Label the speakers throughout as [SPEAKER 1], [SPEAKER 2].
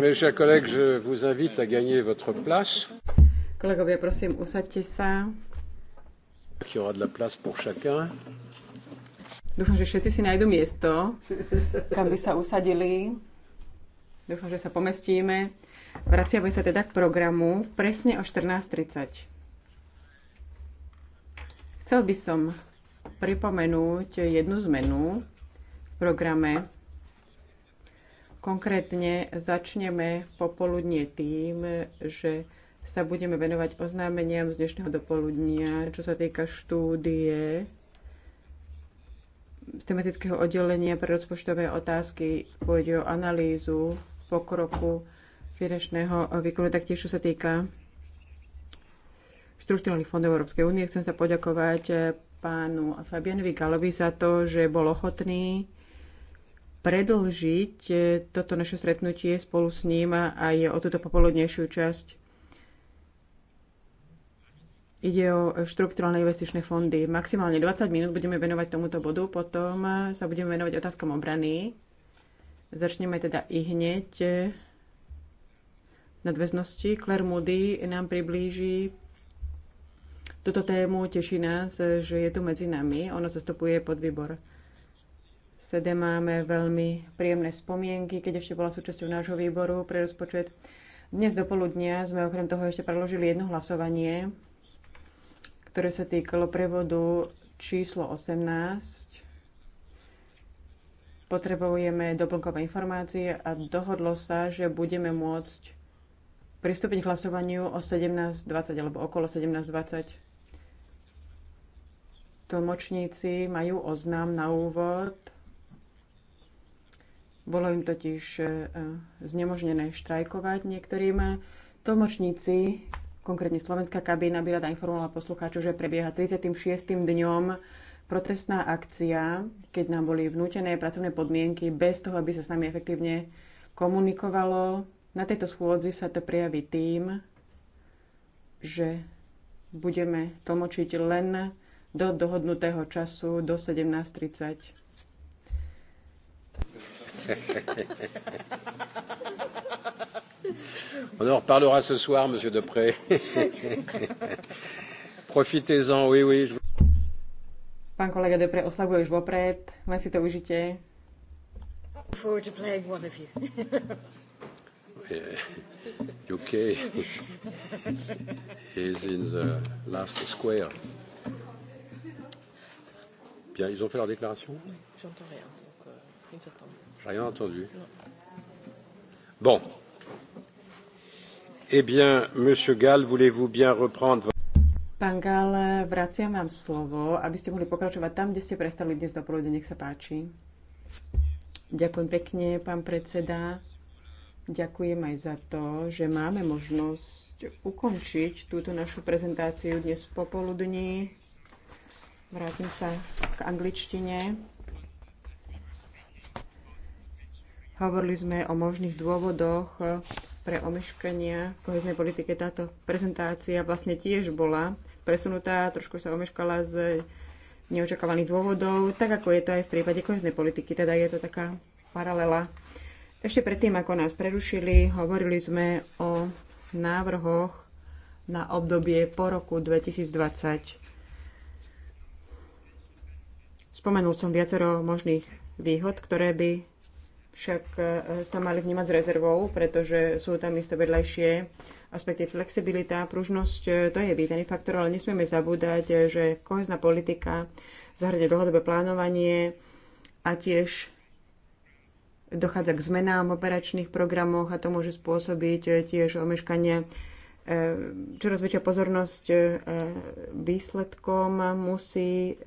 [SPEAKER 1] mes chers collègues, je vous invite à gagner votre place. Kolegovia, prosím, usaďte sa. Qui aura de la place pour chacun. Dúfam, že všetci si nájdu miesto, kam by sa usadili. Dúfam, že sa pomestíme. Vraciame sa teda k programu presne o 14.30. Chcel by som pripomenúť jednu zmenu v programe Konkrétne začneme popoludne tým, že sa budeme venovať oznámeniam z dnešného dopoludnia, čo sa týka štúdie z tematického oddelenia pre rozpočtové otázky. Pôjde o analýzu pokroku finančného výkonu, taktiež čo sa týka štruktúrnych fondov Európskej únie. Chcem sa poďakovať pánu Fabianovi Galovi za to, že bol ochotný predlžiť e, toto naše stretnutie spolu s ním a aj o túto popoludnejšiu časť. Ide o štrukturálne investičné fondy. Maximálne 20 minút budeme venovať tomuto bodu, potom e, sa budeme venovať otázkom obrany. Začneme teda i hneď e, nadväznosti. Claire Moody nám priblíži túto tému. Teší nás, že je tu medzi nami. Ona zastupuje podvýbor sede máme veľmi príjemné spomienky, keď ešte bola súčasťou nášho výboru pre rozpočet. Dnes do poludnia sme okrem toho ešte preložili jedno hlasovanie, ktoré sa týkalo prevodu číslo 18. Potrebujeme doplnkové informácie a dohodlo sa, že budeme môcť pristúpiť k hlasovaniu o 17.20 alebo okolo 17.20. Tlmočníci majú oznám na úvod bolo im totiž e, znemožnené štrajkovať niektorým. Tlmočníci, konkrétne slovenská kabína, by rada informovala poslucháčov, že prebieha 36. dňom protestná akcia, keď nám boli vnútené pracovné podmienky bez toho, aby sa s nami efektívne komunikovalo. Na tejto schôdzi sa to prejaví tým, že budeme tlmočiť len do dohodnutého času do 17.30.
[SPEAKER 2] On en reparlera ce soir, Monsieur Depré. Profitez-en, oui, oui. Je...
[SPEAKER 1] Pán kolega Depré, oslavuje už vopred, len si to užite. Forward to playing one of you.
[SPEAKER 2] UK is in the last square. Bien, ils ont fait leur déclaration J'entends rien, donc euh, ils attendent rien entendu. Bon. Eh bien, Monsieur Gall, voulez-vous bien reprendre
[SPEAKER 1] Pán Gall, vraciam vám slovo, aby ste mohli pokračovať tam, kde ste prestali dnes dopoludne. Nech sa páči. Ďakujem pekne, pán predseda. Ďakujem aj za to, že máme možnosť ukončiť túto našu prezentáciu dnes popoludní. Vrátim sa k angličtine. Hovorili sme o možných dôvodoch e, pre omeškania v koheznej politike. Táto prezentácia vlastne tiež bola presunutá, trošku sa omeškala z neočakávaných dôvodov, tak ako je to aj v prípade koheznej politiky, teda je to taká paralela. Ešte predtým, ako nás prerušili, hovorili sme o návrhoch na obdobie po roku 2020. Spomenul som viacero možných výhod, ktoré by však e, sa mali vnímať s rezervou, pretože sú tam isté vedľajšie aspekty flexibilita, pružnosť, e, to je vítaný faktor, ale nesmieme zabúdať, e, že kohezná politika zahrňa dlhodobé plánovanie a tiež dochádza k zmenám v operačných programoch a to môže spôsobiť tiež omeškanie čoraz väčšia pozornosť výsledkom musí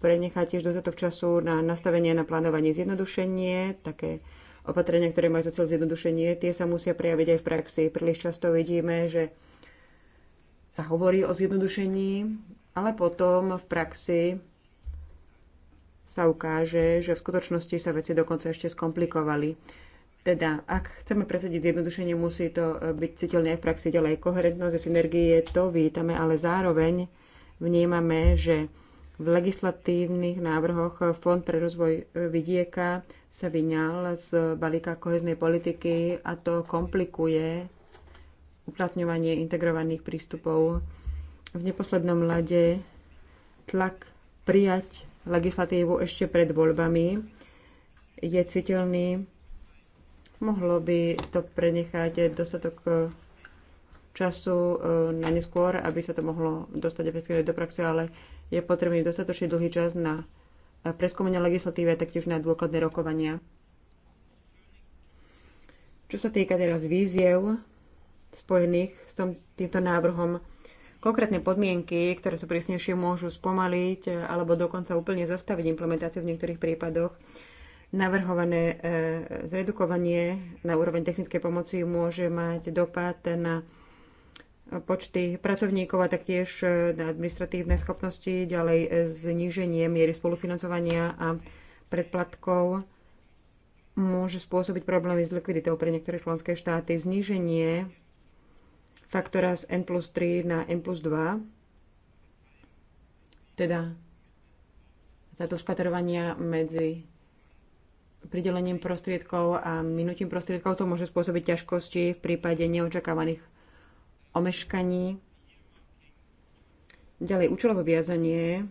[SPEAKER 1] prenechá tiež dostatok času na nastavenie, na plánovanie zjednodušenie, také opatrenia, ktoré majú za cieľ zjednodušenie, tie sa musia prejaviť aj v praxi. Príliš často vidíme, že sa hovorí o zjednodušení, ale potom v praxi sa ukáže, že v skutočnosti sa veci dokonca ešte skomplikovali. Teda, ak chceme presadiť zjednodušenie, musí to byť citeľné v praxi ďalej. Koherentnosť a synergie to vítame, ale zároveň vnímame, že v legislatívnych návrhoch Fond pre rozvoj vidieka sa vyňal z balíka koheznej politiky a to komplikuje uplatňovanie integrovaných prístupov. V neposlednom lade tlak prijať legislatívu ešte pred voľbami je citeľný. Mohlo by to prenechať dostatok eh, času eh, na neskôr, aby sa to mohlo dostať efektívne do praxe, ale je potrebný dostatočne dlhý čas na preskúmanie legislatívy a taktiež na dôkladné rokovania. Čo sa týka teraz víziev spojených s tom, týmto návrhom, konkrétne podmienky, ktoré sú prísnejšie, môžu spomaliť alebo dokonca úplne zastaviť implementáciu v niektorých prípadoch. Navrhované e, zredukovanie na úroveň technickej pomoci môže mať dopad na počty pracovníkov a taktiež e, na administratívne schopnosti, ďalej e, zníženie miery spolufinancovania a predplatkov môže spôsobiť problémy s likviditou pre niektoré členské štáty. Zníženie faktora z N plus 3 na N plus 2, teda táto špatrovania medzi pridelením prostriedkov a minutím prostriedkov, to môže spôsobiť ťažkosti v prípade neočakávaných omeškaní. Ďalej účelové viazanie,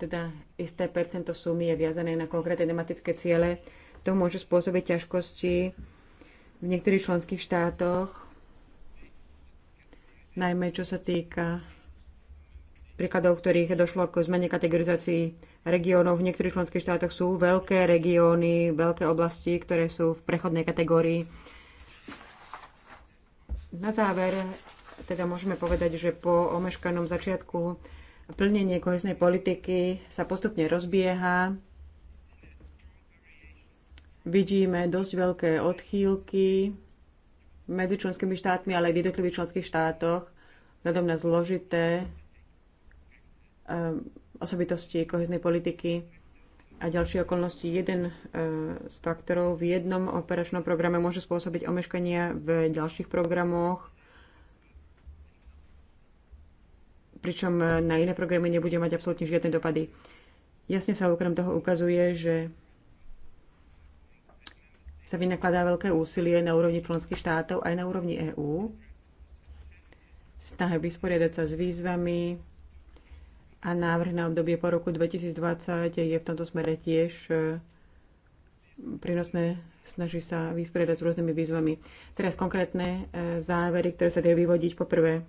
[SPEAKER 1] teda isté percento sumy je viazané na konkrétne tematické ciele. To môže spôsobiť ťažkosti v niektorých členských štátoch, najmä čo sa týka príkladov, ktorých došlo k zmene kategorizácií regiónov. V niektorých členských štátoch sú veľké regióny, veľké oblasti, ktoré sú v prechodnej kategórii na záver teda môžeme povedať, že po omeškanom začiatku plnenie kohesnej politiky sa postupne rozbieha. Vidíme dosť veľké odchýlky medzi členskými štátmi, ale aj v jednotlivých členských štátoch, vzhľadom na zložité um, osobitosti koheznej politiky a ďalšie okolnosti. Jeden e, z faktorov v jednom operačnom programe môže spôsobiť omeškania v ďalších programoch, pričom na iné programy nebude mať absolútne žiadne dopady. Jasne sa okrem toho ukazuje, že sa vynakladá veľké úsilie na úrovni členských štátov aj na úrovni EÚ snahe vysporiadať sa s výzvami, a návrh na obdobie po roku 2020 je v tomto smere tiež e, prínosné, snaží sa vysporiadať s rôznymi výzvami. Teraz konkrétne e, závery, ktoré sa dajú vyvodiť. Poprvé,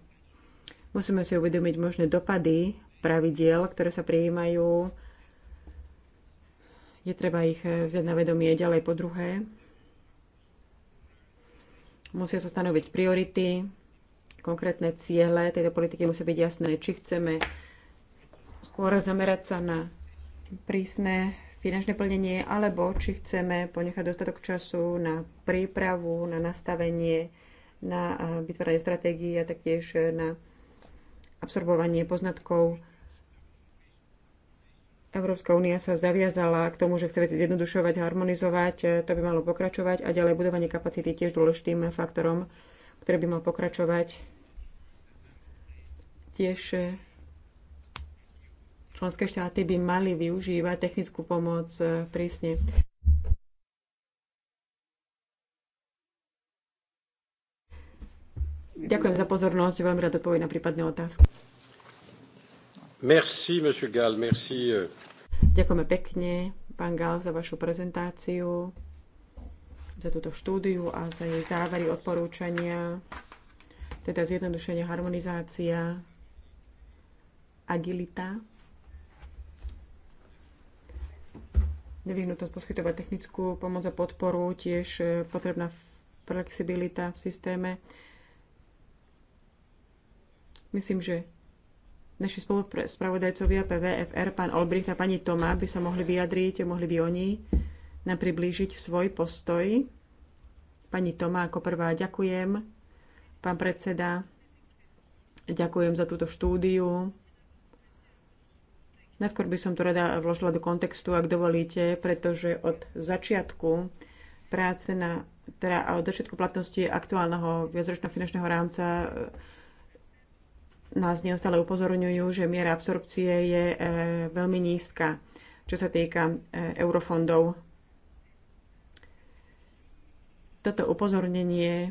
[SPEAKER 1] musíme si uvedomiť možné dopady pravidiel, ktoré sa prijímajú. Je treba ich e, vziať na vedomie ďalej po druhé. Musia sa stanoviť priority, konkrétne ciele tejto politiky musia byť jasné, či chceme skôr zamerať sa na prísne finančné plnenie, alebo či chceme ponechať dostatok času na prípravu, na nastavenie, na vytváranie stratégií a taktiež e, na absorbovanie poznatkov. Európska únia sa zaviazala k tomu, že chce veci zjednodušovať, harmonizovať, e, to by malo pokračovať a ďalej budovanie kapacity tiež dôležitým faktorom, ktorý by mal pokračovať. Tiež e, Členské štáty by mali využívať technickú pomoc e, prísne. Ďakujem za pozornosť, veľmi rád odpoviem na prípadné otázky. Merci, monsieur Gall, merci. E. Ďakujeme pekne, pán Gall, za vašu prezentáciu, za túto štúdiu a za jej závery, odporúčania, teda zjednodušenie, harmonizácia, agilita. nevyhnutnosť poskytovať technickú pomoc a podporu, tiež e, potrebná flexibilita v systéme. Myslím, že naši spolupravodajcovia PVFR, pán Olbricht a pani Toma, by sa mohli vyjadriť, mohli by oni nám priblížiť svoj postoj. Pani Toma, ako prvá ďakujem. Pán predseda, ďakujem za túto štúdiu Najskôr by som to rada vložila do kontextu, ak dovolíte, pretože od začiatku práce na, teda od začiatku platnosti aktuálneho viacročného finančného rámca eh, nás neustále upozorňujú, že miera absorpcie je e, veľmi nízka, čo sa týka e, eurofondov. Toto upozornenie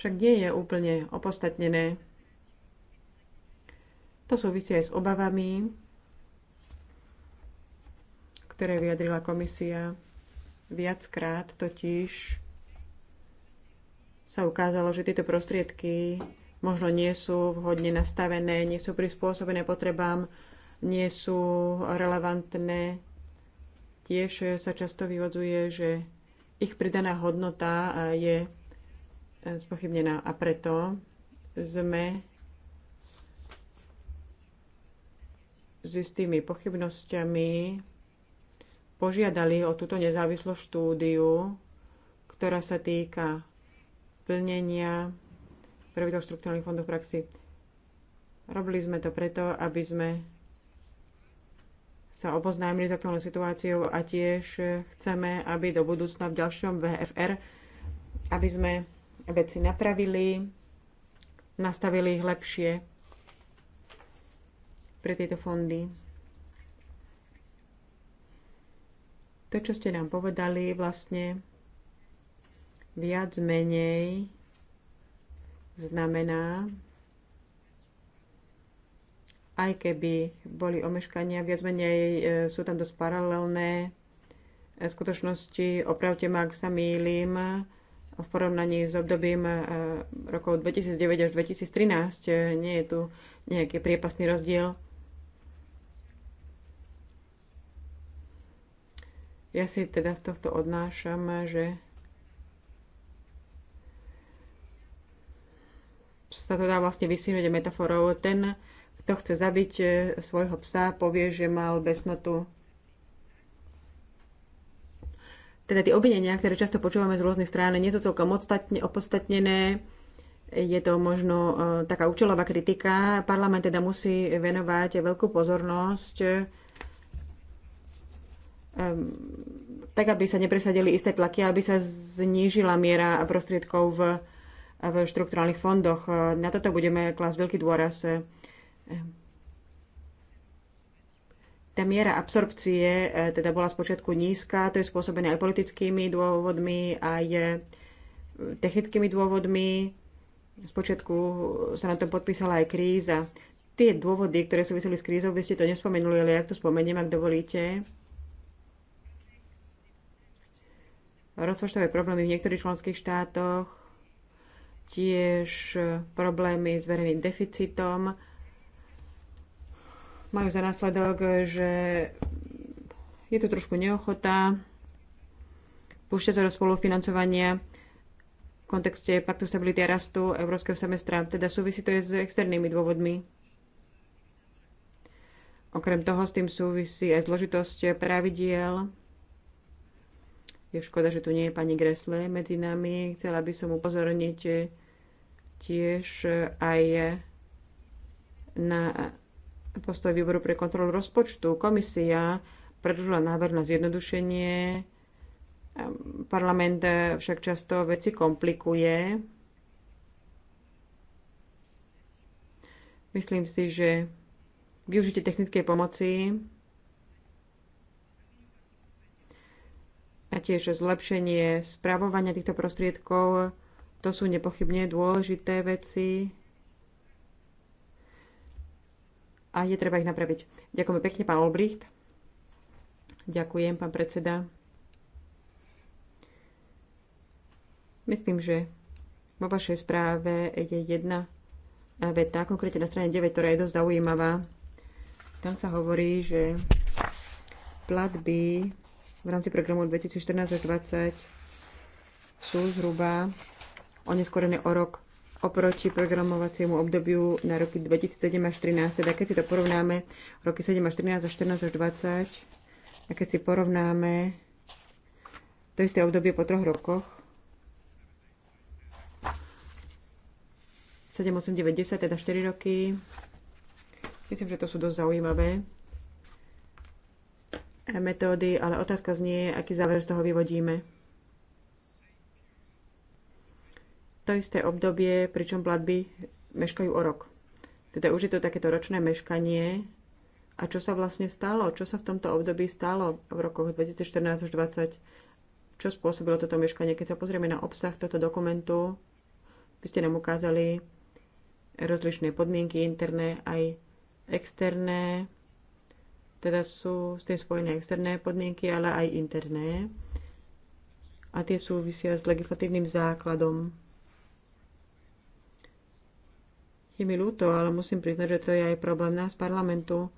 [SPEAKER 1] však nie je úplne opodstatnené. To súvisí aj s obavami, ktoré vyjadrila komisia viackrát, totiž sa ukázalo, že tieto prostriedky možno nie sú vhodne nastavené, nie sú prispôsobené potrebám, nie sú relevantné. Tiež sa často vyvodzuje, že ich pridaná hodnota je eh, spochybnená a preto sme s istými pochybnosťami požiadali o túto nezávislú štúdiu, ktorá sa týka plnenia pravidel štruktúrnych fondov praxi. Robili sme to preto, aby sme sa oboznámili s aktuálnou situáciou a tiež chceme, aby do budúcna v ďalšom VFR, aby sme veci napravili, nastavili ich lepšie pre tieto fondy. To, čo ste nám povedali, vlastne viac menej znamená, aj keby boli omeškania, viac menej e, sú tam dosť paralelné e, skutočnosti, opravte ma, ak sa mýlim, v porovnaní s obdobím e, rokov 2009 až 2013 nie je tu nejaký priepasný rozdiel. Ja si teda z tohto odnášam, že sa to dá vlastne vysihnúť metaforou. Ten, kto chce zabiť e, svojho psa, povie, že mal besnotu. Teda tie obvinenia, ktoré často počúvame z rôznych strán, nie sú celkom opodstatnené. Je to možno e, taká účelová kritika. Parlament teda musí venovať veľkú pozornosť tak aby sa nepresadili isté tlaky, aby sa znížila miera prostriedkov v, v štrukturálnych fondoch. Na toto budeme klásť veľký dôraz. Tá miera absorpcie e, teda bola spočiatku nízka, to je spôsobené aj politickými dôvodmi, aj e, technickými dôvodmi. Spočiatku sa na tom podpísala aj kríza. Tie dôvody, ktoré súviseli s krízou, vy ste to nespomenuli, ale ja to spomeniem, ak dovolíte rozpočtové problémy v niektorých členských štátoch, tiež problémy s verejným deficitom majú za následok, že je tu trošku neochota púšťať sa do spolufinancovania v kontexte paktu stability a rastu európskeho semestra. Teda súvisí to je s externými dôvodmi. Okrem toho s tým súvisí aj zložitosť pravidiel je škoda, že tu nie je pani Gresle medzi nami. Chcela by som upozorniť tiež aj na postoj výboru pre kontrolu rozpočtu. Komisia predložila návrh na zjednodušenie. Parlament však často veci komplikuje. Myslím si, že využitie technickej pomoci tiež zlepšenie správovania týchto prostriedkov. To sú nepochybne dôležité veci a je treba ich napraviť. Ďakujem pekne, pán Olbricht. Ďakujem, pán predseda. Myslím, že vo vašej správe je jedna veta, konkrétne na strane 9, ktorá je dosť zaujímavá. Tam sa hovorí, že platby v rámci programu 2014 až 2020 sú zhruba oneskorené o rok oproti programovaciemu obdobiu na roky 2007 až 2013. Teda keď si to porovnáme, roky 7 až 13 a 14 až 20, a keď si porovnáme to isté obdobie po troch rokoch, 7, 8, 9, 10, teda 4 roky. Myslím, že to sú dosť zaujímavé metódy, ale otázka znie, aký záver z toho vyvodíme. To isté obdobie, pričom platby meškajú o rok. Teda už je to takéto ročné meškanie. A čo sa vlastne stalo? Čo sa v tomto období stalo v rokoch 2014 až 2020? Čo spôsobilo toto meškanie? Keď sa pozrieme na obsah tohto dokumentu, by ste nám ukázali rozličné podmienky interné aj externé, teda sú s tým spojené externé podmienky, ale aj interné. A tie súvisia s legislatívnym základom. Je mi ľúto, ale musím priznať, že to je aj problém nás parlamentu.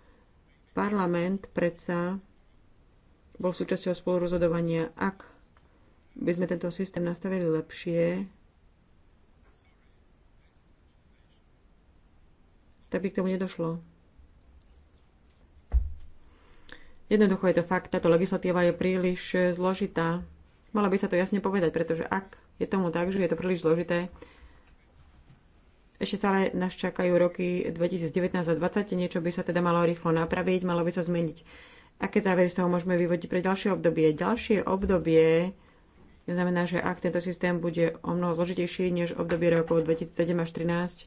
[SPEAKER 1] Parlament predsa bol súčasťou spolurozhodovania. Ak by sme tento systém nastavili lepšie, tak by k tomu nedošlo. Jednoducho je to fakt, táto legislatíva je príliš e, zložitá. Mala by sa to jasne povedať, pretože ak je tomu tak, že je to príliš zložité, ešte stále nás čakajú roky 2019 a 2020, niečo by sa teda malo rýchlo napraviť, malo by sa zmeniť. Aké závery z toho môžeme vyvodiť pre ďalšie obdobie? Ďalšie obdobie znamená, že ak tento systém bude o mnoho zložitejší než obdobie rokov 2007 až 2013,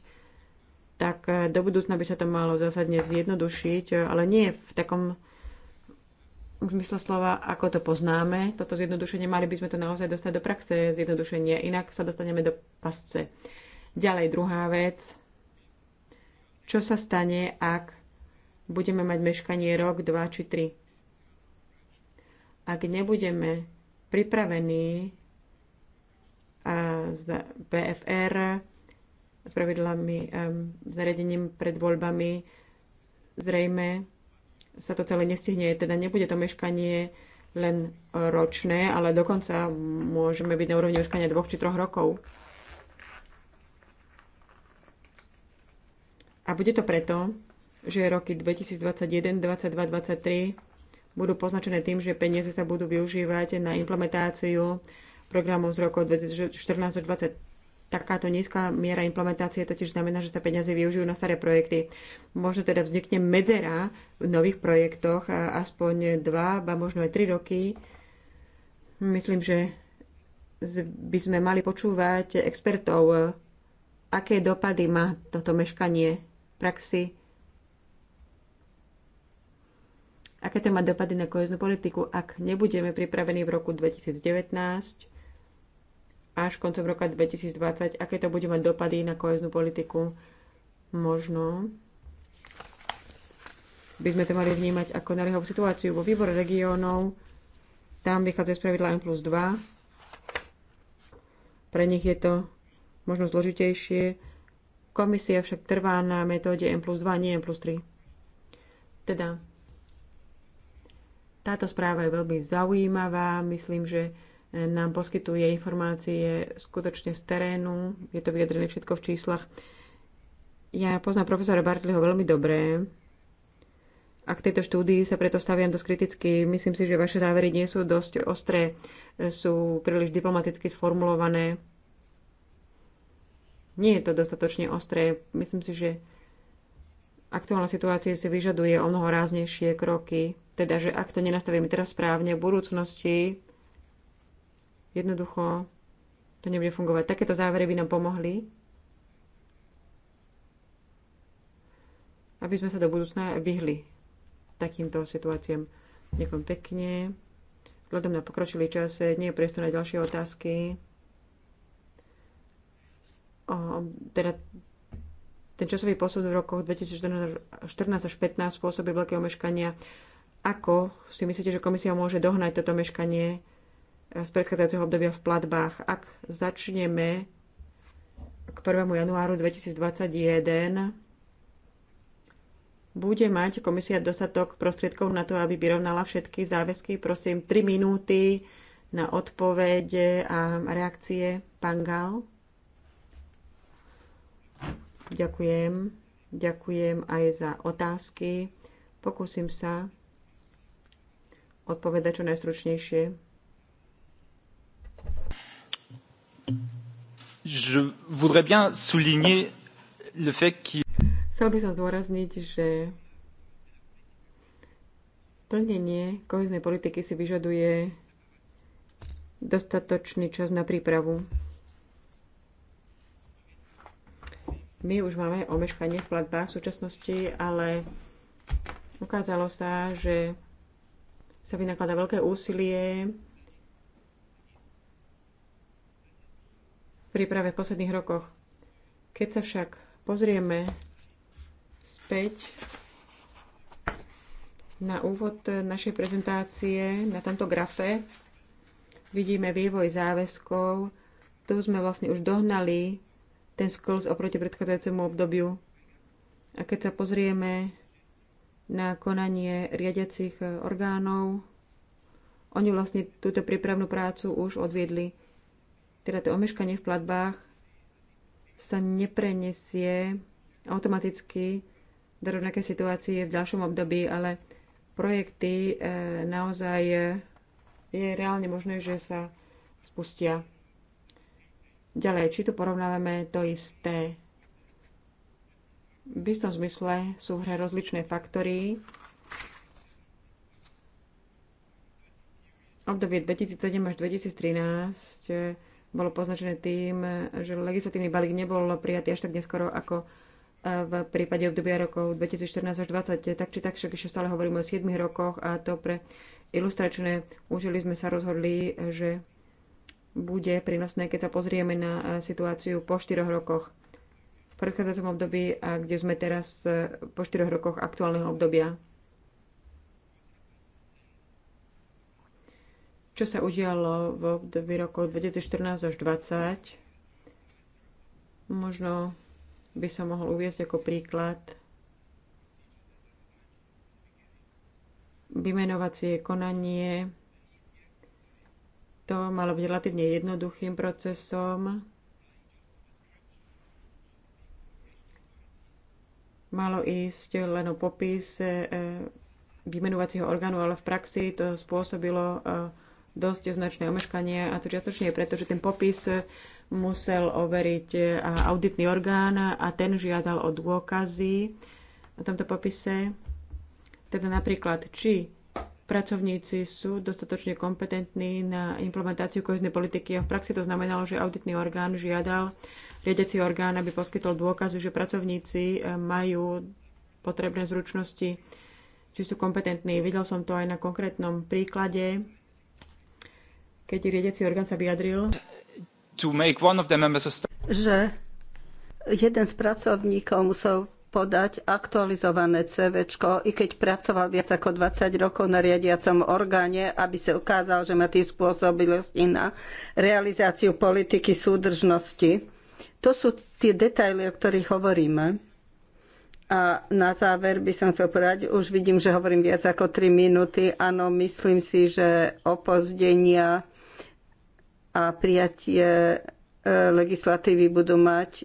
[SPEAKER 1] tak e, do budúcna by sa to malo zásadne zjednodušiť, e, ale nie v takom v zmysle slova, ako to poznáme, toto zjednodušenie, mali by sme to naozaj dostať do praxe, zjednodušenie, inak sa dostaneme do pasce. Ďalej druhá vec, čo sa stane, ak budeme mať meškanie rok, dva či tri. Ak nebudeme pripravení a s PFR, s pravidlami, s zariadením pred voľbami, zrejme sa to celé nestihne. Teda nebude to meškanie len ročné, ale dokonca môžeme byť na úrovni meškania dvoch či troch rokov. A bude to preto, že roky 2021, 2022, 2023 budú poznačené tým, že peniaze sa budú využívať na implementáciu programov z rokov 2014 až 2020 Takáto nízka miera implementácie totiž znamená, že sa peniaze využijú na staré projekty. Možno teda vznikne medzera v nových projektoch aspoň dva, ba možno aj tri roky. Myslím, že by sme mali počúvať expertov, aké dopady má toto meškanie v praxi, aké to má dopady na koheznú politiku. Ak nebudeme pripravení v roku 2019, až koncom roka 2020, aké to bude mať dopady na koheznú politiku. Možno by sme to mali vnímať ako naliehavú situáciu vo výbore regiónov. Tam vychádza z pravidla N plus 2. Pre nich je to možno zložitejšie. Komisia však trvá na metóde N plus 2, nie N plus 3. Teda táto správa je veľmi zaujímavá. Myslím, že nám poskytuje informácie skutočne z terénu. Je to vyjadrené všetko v číslach. Ja poznám profesora Bartleyho veľmi dobre a k tejto štúdii sa preto staviam dosť kriticky. Myslím si, že vaše závery nie sú dosť ostré, sú príliš diplomaticky sformulované. Nie je to dostatočne ostré. Myslím si, že aktuálna situácia si vyžaduje o mnoho ráznejšie kroky. Teda, že ak to nenastavíme teraz správne, v budúcnosti Jednoducho to nebude fungovať. Takéto závery by nám pomohli, aby sme sa do budúcna vyhli takýmto situáciám. Ďakujem pekne. Vzhľadom na pokročilý čas eh, nie je priestor na ďalšie otázky. O, teda ten časový posud v rokoch 2014 až 2015 spôsobil veľké omeškania. Ako si myslíte, že komisia môže dohnať toto meškanie? z predchádzajúceho obdobia v platbách. Ak začneme k 1. januáru 2021, bude mať komisia dostatok prostriedkov na to, aby vyrovnala všetky záväzky. Prosím, 3 minúty na odpovede a reakcie. Pán Gal. Ďakujem. Ďakujem aj za otázky. Pokúsim sa odpovedať čo najstručnejšie.
[SPEAKER 2] je voudrais bien souligner le fait qu'il...
[SPEAKER 1] Chcel by som zdôrazniť, že plnenie koheznej politiky si vyžaduje dostatočný čas na prípravu. My už máme omeškanie v platbách v súčasnosti, ale ukázalo sa, že sa vynaklada veľké úsilie príprave v posledných rokoch. Keď sa však pozrieme späť na úvod našej prezentácie, na tomto grafe, vidíme vývoj záväzkov. Tu sme vlastne už dohnali ten skls oproti predchádzajúcemu obdobiu. A keď sa pozrieme na konanie riadiacich orgánov, oni vlastne túto prípravnú prácu už odviedli teda to omeškanie v platbách sa neprenesie automaticky do rovnakej situácie v ďalšom období, ale projekty e, naozaj e, je reálne možné, že sa spustia. Ďalej, či tu porovnávame to isté. V istom zmysle sú v hre rozličné faktory. Obdobie 2007 až 2013 bolo poznačené tým, že legislatívny balík nebol prijatý až tak neskoro ako e, v prípade obdobia rokov 2014 až 2020. Tak či tak však ešte stále hovoríme o 7 rokoch a to pre ilustračné účely sme sa rozhodli, že bude prínosné, keď sa pozrieme na e, situáciu po 4 rokoch v predchádzajúcom období a kde sme teraz e, po 4 rokoch aktuálneho obdobia. čo sa udialo v období rokov 2014 až 2020. Možno by som mohol uviezť ako príklad vymenovacie konanie. To malo byť relatívne jednoduchým procesom. Malo ísť len o popis e, e, vymenovacieho orgánu, ale v praxi to spôsobilo e, dosť značné omeškanie a to čiastočne je preto, že ten popis musel overiť auditný orgán a ten žiadal o dôkazy na tomto popise. Teda napríklad, či pracovníci sú dostatočne kompetentní na implementáciu kohezné politiky a v praxi to znamenalo, že auditný orgán žiadal riadiaci orgán, aby poskytol dôkazy, že pracovníci e, majú potrebné zručnosti, či sú kompetentní. Videl som to aj na konkrétnom príklade keď riadiaci orgán sa vyjadril,
[SPEAKER 3] že jeden z pracovníkov musel podať aktualizované CV, i keď pracoval viac ako 20 rokov na riadiacom orgáne, aby sa ukázal, že má tie spôsobilosti na realizáciu politiky súdržnosti. To sú tie detaily, o ktorých hovoríme. A na záver by som chcel povedať, už vidím, že hovorím viac ako 3 minúty. Áno, myslím si, že opozdenia a prijatie e, legislatívy budú mať e,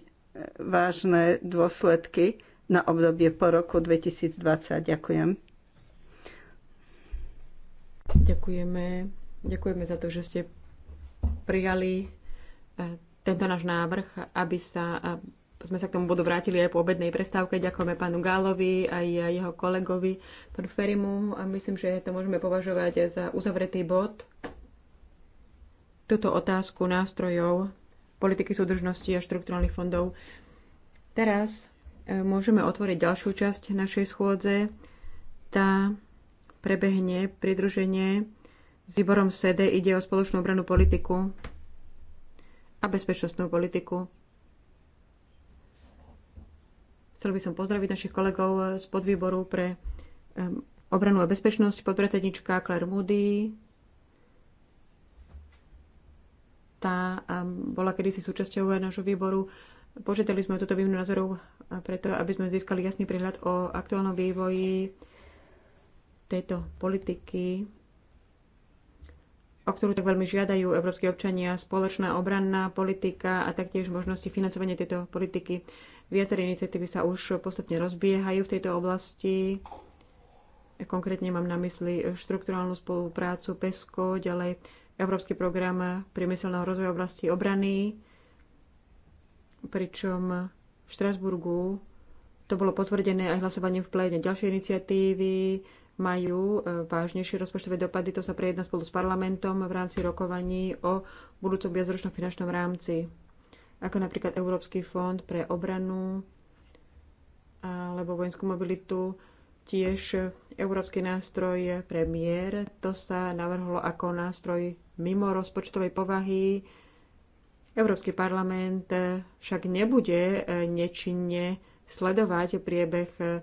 [SPEAKER 3] vážne dôsledky na obdobie po roku 2020. Ďakujem.
[SPEAKER 1] Ďakujeme. Ďakujeme za to, že ste prijali e, tento náš návrh, aby sa sme sa k tomu bodu vrátili aj po obednej prestávke. Ďakujeme pánu Gálovi aj jeho kolegovi, pánu Ferimu. A myslím, že to môžeme považovať za uzavretý bod túto otázku nástrojov politiky súdržnosti a štrukturálnych fondov. Teraz e, môžeme otvoriť ďalšiu časť našej schôdze. Tá prebehne pridruženie s výborom SEDE ide o spoločnú obranú politiku a bezpečnostnú politiku. Chcel by som pozdraviť našich kolegov z podvýboru pre e, obranu a bezpečnosť, podpredsednička Claire Moody, tá bola kedysi súčasťou nášho výboru. Požiadali sme o túto výmenu názorov preto, aby sme získali jasný prehľad o aktuálnom vývoji tejto politiky, o ktorú tak veľmi žiadajú európsky občania, spoločná obranná politika a taktiež možnosti financovania tejto politiky. Viaceré iniciatívy sa už postupne rozbiehajú v tejto oblasti. Konkrétne mám na mysli štruktúrálnu spoluprácu PESCO, ďalej Európsky program priemyselného rozvoja oblasti obrany, pričom v Štrasburgu to bolo potvrdené aj hlasovaním v pléne. Ďalšie iniciatívy majú e, vážnejšie rozpočtové dopady. To sa prejedná spolu s parlamentom v rámci rokovaní o budúcom viacročnom finančnom rámci, ako napríklad Európsky fond pre obranu alebo vojenskú mobilitu. Tiež Európsky nástroj premiér, to sa navrhlo ako nástroj mimo rozpočtovej povahy. Európsky parlament však nebude eh, nečinne sledovať priebeh eh,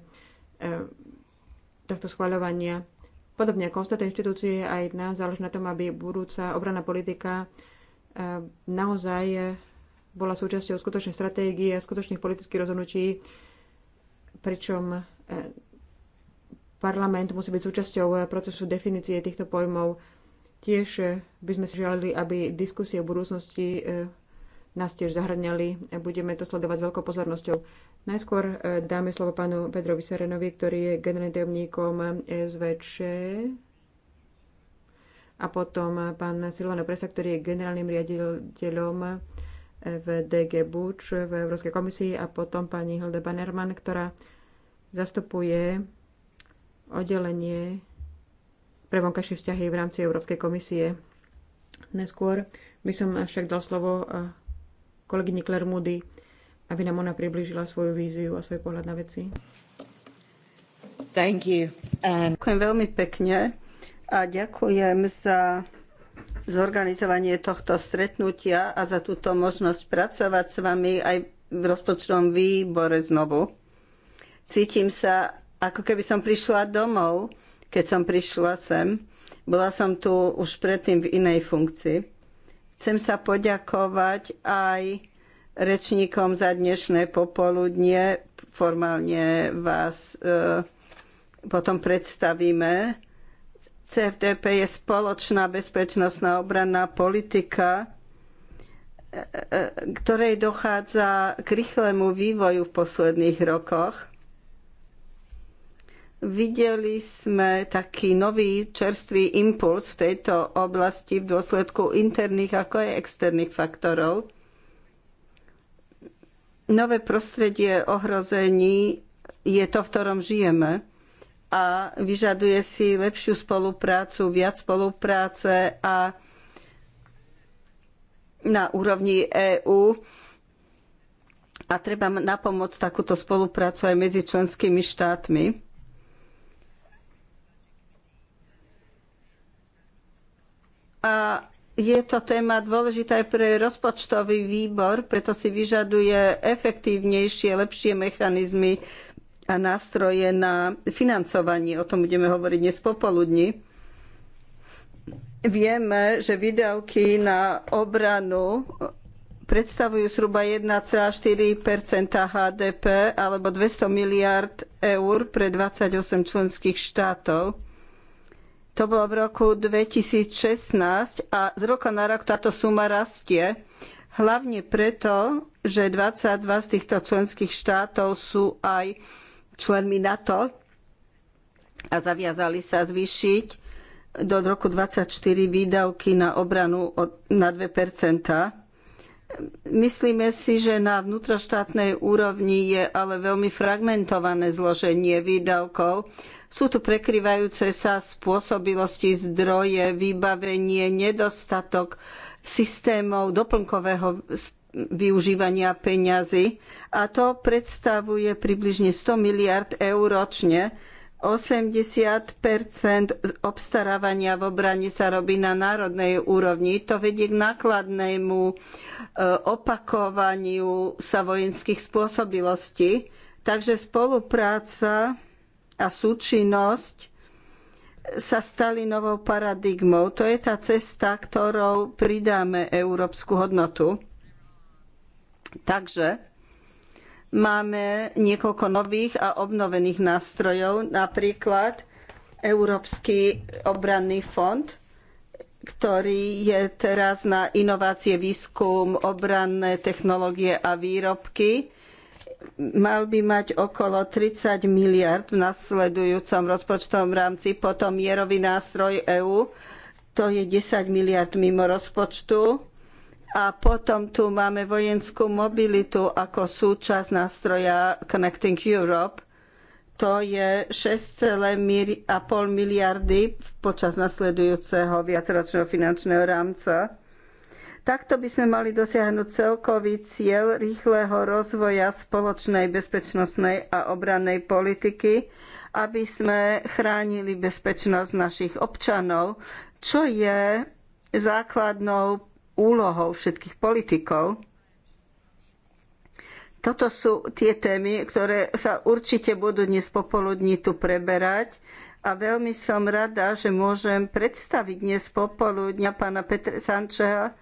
[SPEAKER 1] tohto schváľovania. Podobne ako ostatné inštitúcie, aj nás záleží na tom, aby budúca obranná politika eh, naozaj bola súčasťou skutočnej stratégie a skutočných politických rozhodnutí, pričom Parlament musí byť súčasťou eh, procesu definície týchto pojmov. Tiež eh, by sme si želali, aby diskusie o budúcnosti eh, nás tiež zahrňali a budeme to sledovať s veľkou pozornosťou. Najskôr dáme slovo pánu Pedrovi Serenovi, ktorý je generálnym tajomníkom SVČ a potom pán Silvano Presa, ktorý je generálnym riaditeľom v DG Buč v Európskej komisii a potom pani Hilde Bannerman, ktorá zastupuje oddelenie pre vonkajšie vzťahy v rámci Európskej komisie. Neskôr by som však dal slovo eh, kolegyni Claire Moody, aby nám ona priblížila svoju víziu a svoj pohľad na veci.
[SPEAKER 3] Thank you. And... Um, ďakujem veľmi pekne a ďakujem za zorganizovanie tohto stretnutia a za túto možnosť pracovať s vami aj v rozpočtovom výbore znovu. Cítim sa ako keby som prišla domov, keď som prišla sem. Bola som tu už predtým v inej funkcii. Chcem sa poďakovať aj rečníkom za dnešné popoludnie. Formálne vás e, potom predstavíme. CFDP je spoločná bezpečnostná obranná politika, e, e, ktorej dochádza k rýchlemu vývoju v posledných rokoch Videli sme taký nový čerstvý impuls v tejto oblasti v dôsledku interných ako aj externých faktorov. Nové prostredie ohrození je to, v ktorom žijeme a vyžaduje si lepšiu spoluprácu, viac spolupráce a na úrovni EÚ a treba napomôcť takúto spoluprácu aj medzi členskými štátmi. A je to téma dôležitá aj pre rozpočtový výbor, preto si vyžaduje efektívnejšie, lepšie mechanizmy a nástroje na financovanie. O tom budeme hovoriť dnes popoludní. Vieme, že výdavky na obranu predstavujú zhruba 1,4 HDP alebo 200 miliard eur pre 28 členských štátov to bolo v roku 2016 a z roka na rok táto suma rastie. Hlavne preto, že 22 z týchto členských štátov sú aj členmi NATO a zaviazali sa zvýšiť do roku 2024 výdavky na obranu na 2 Myslíme si, že na vnútroštátnej úrovni je ale veľmi fragmentované zloženie výdavkov sú tu prekryvajúce sa spôsobilosti, zdroje, vybavenie, nedostatok systémov doplnkového využívania peňazí a to predstavuje približne 100 miliard eur ročne. 80 obstarávania v obrane sa robí na národnej úrovni. To vedie k nákladnému e, opakovaniu sa vojenských spôsobilostí. Takže spolupráca a súčinnosť sa stali novou paradigmou. To je tá cesta, ktorou pridáme európsku hodnotu. Takže máme niekoľko nových a obnovených nástrojov, napríklad Európsky obranný fond, ktorý je teraz na inovácie, výskum, obranné technológie a výrobky mal by mať okolo 30 miliard v nasledujúcom rozpočtovom rámci, potom mierový nástroj EÚ, to je 10 miliard mimo rozpočtu. A potom tu máme vojenskú mobilitu ako súčasť nástroja Connecting Europe. To je 6,5 miliardy počas nasledujúceho viacročného finančného rámca. Takto by sme mali dosiahnuť celkový cieľ rýchleho rozvoja spoločnej bezpečnostnej a obrannej politiky, aby sme chránili bezpečnosť našich občanov, čo je základnou úlohou všetkých politikov. Toto sú tie témy, ktoré sa určite budú dnes popoludní tu preberať a veľmi som rada, že môžem predstaviť dnes popoludňa pána Petra Sančeha,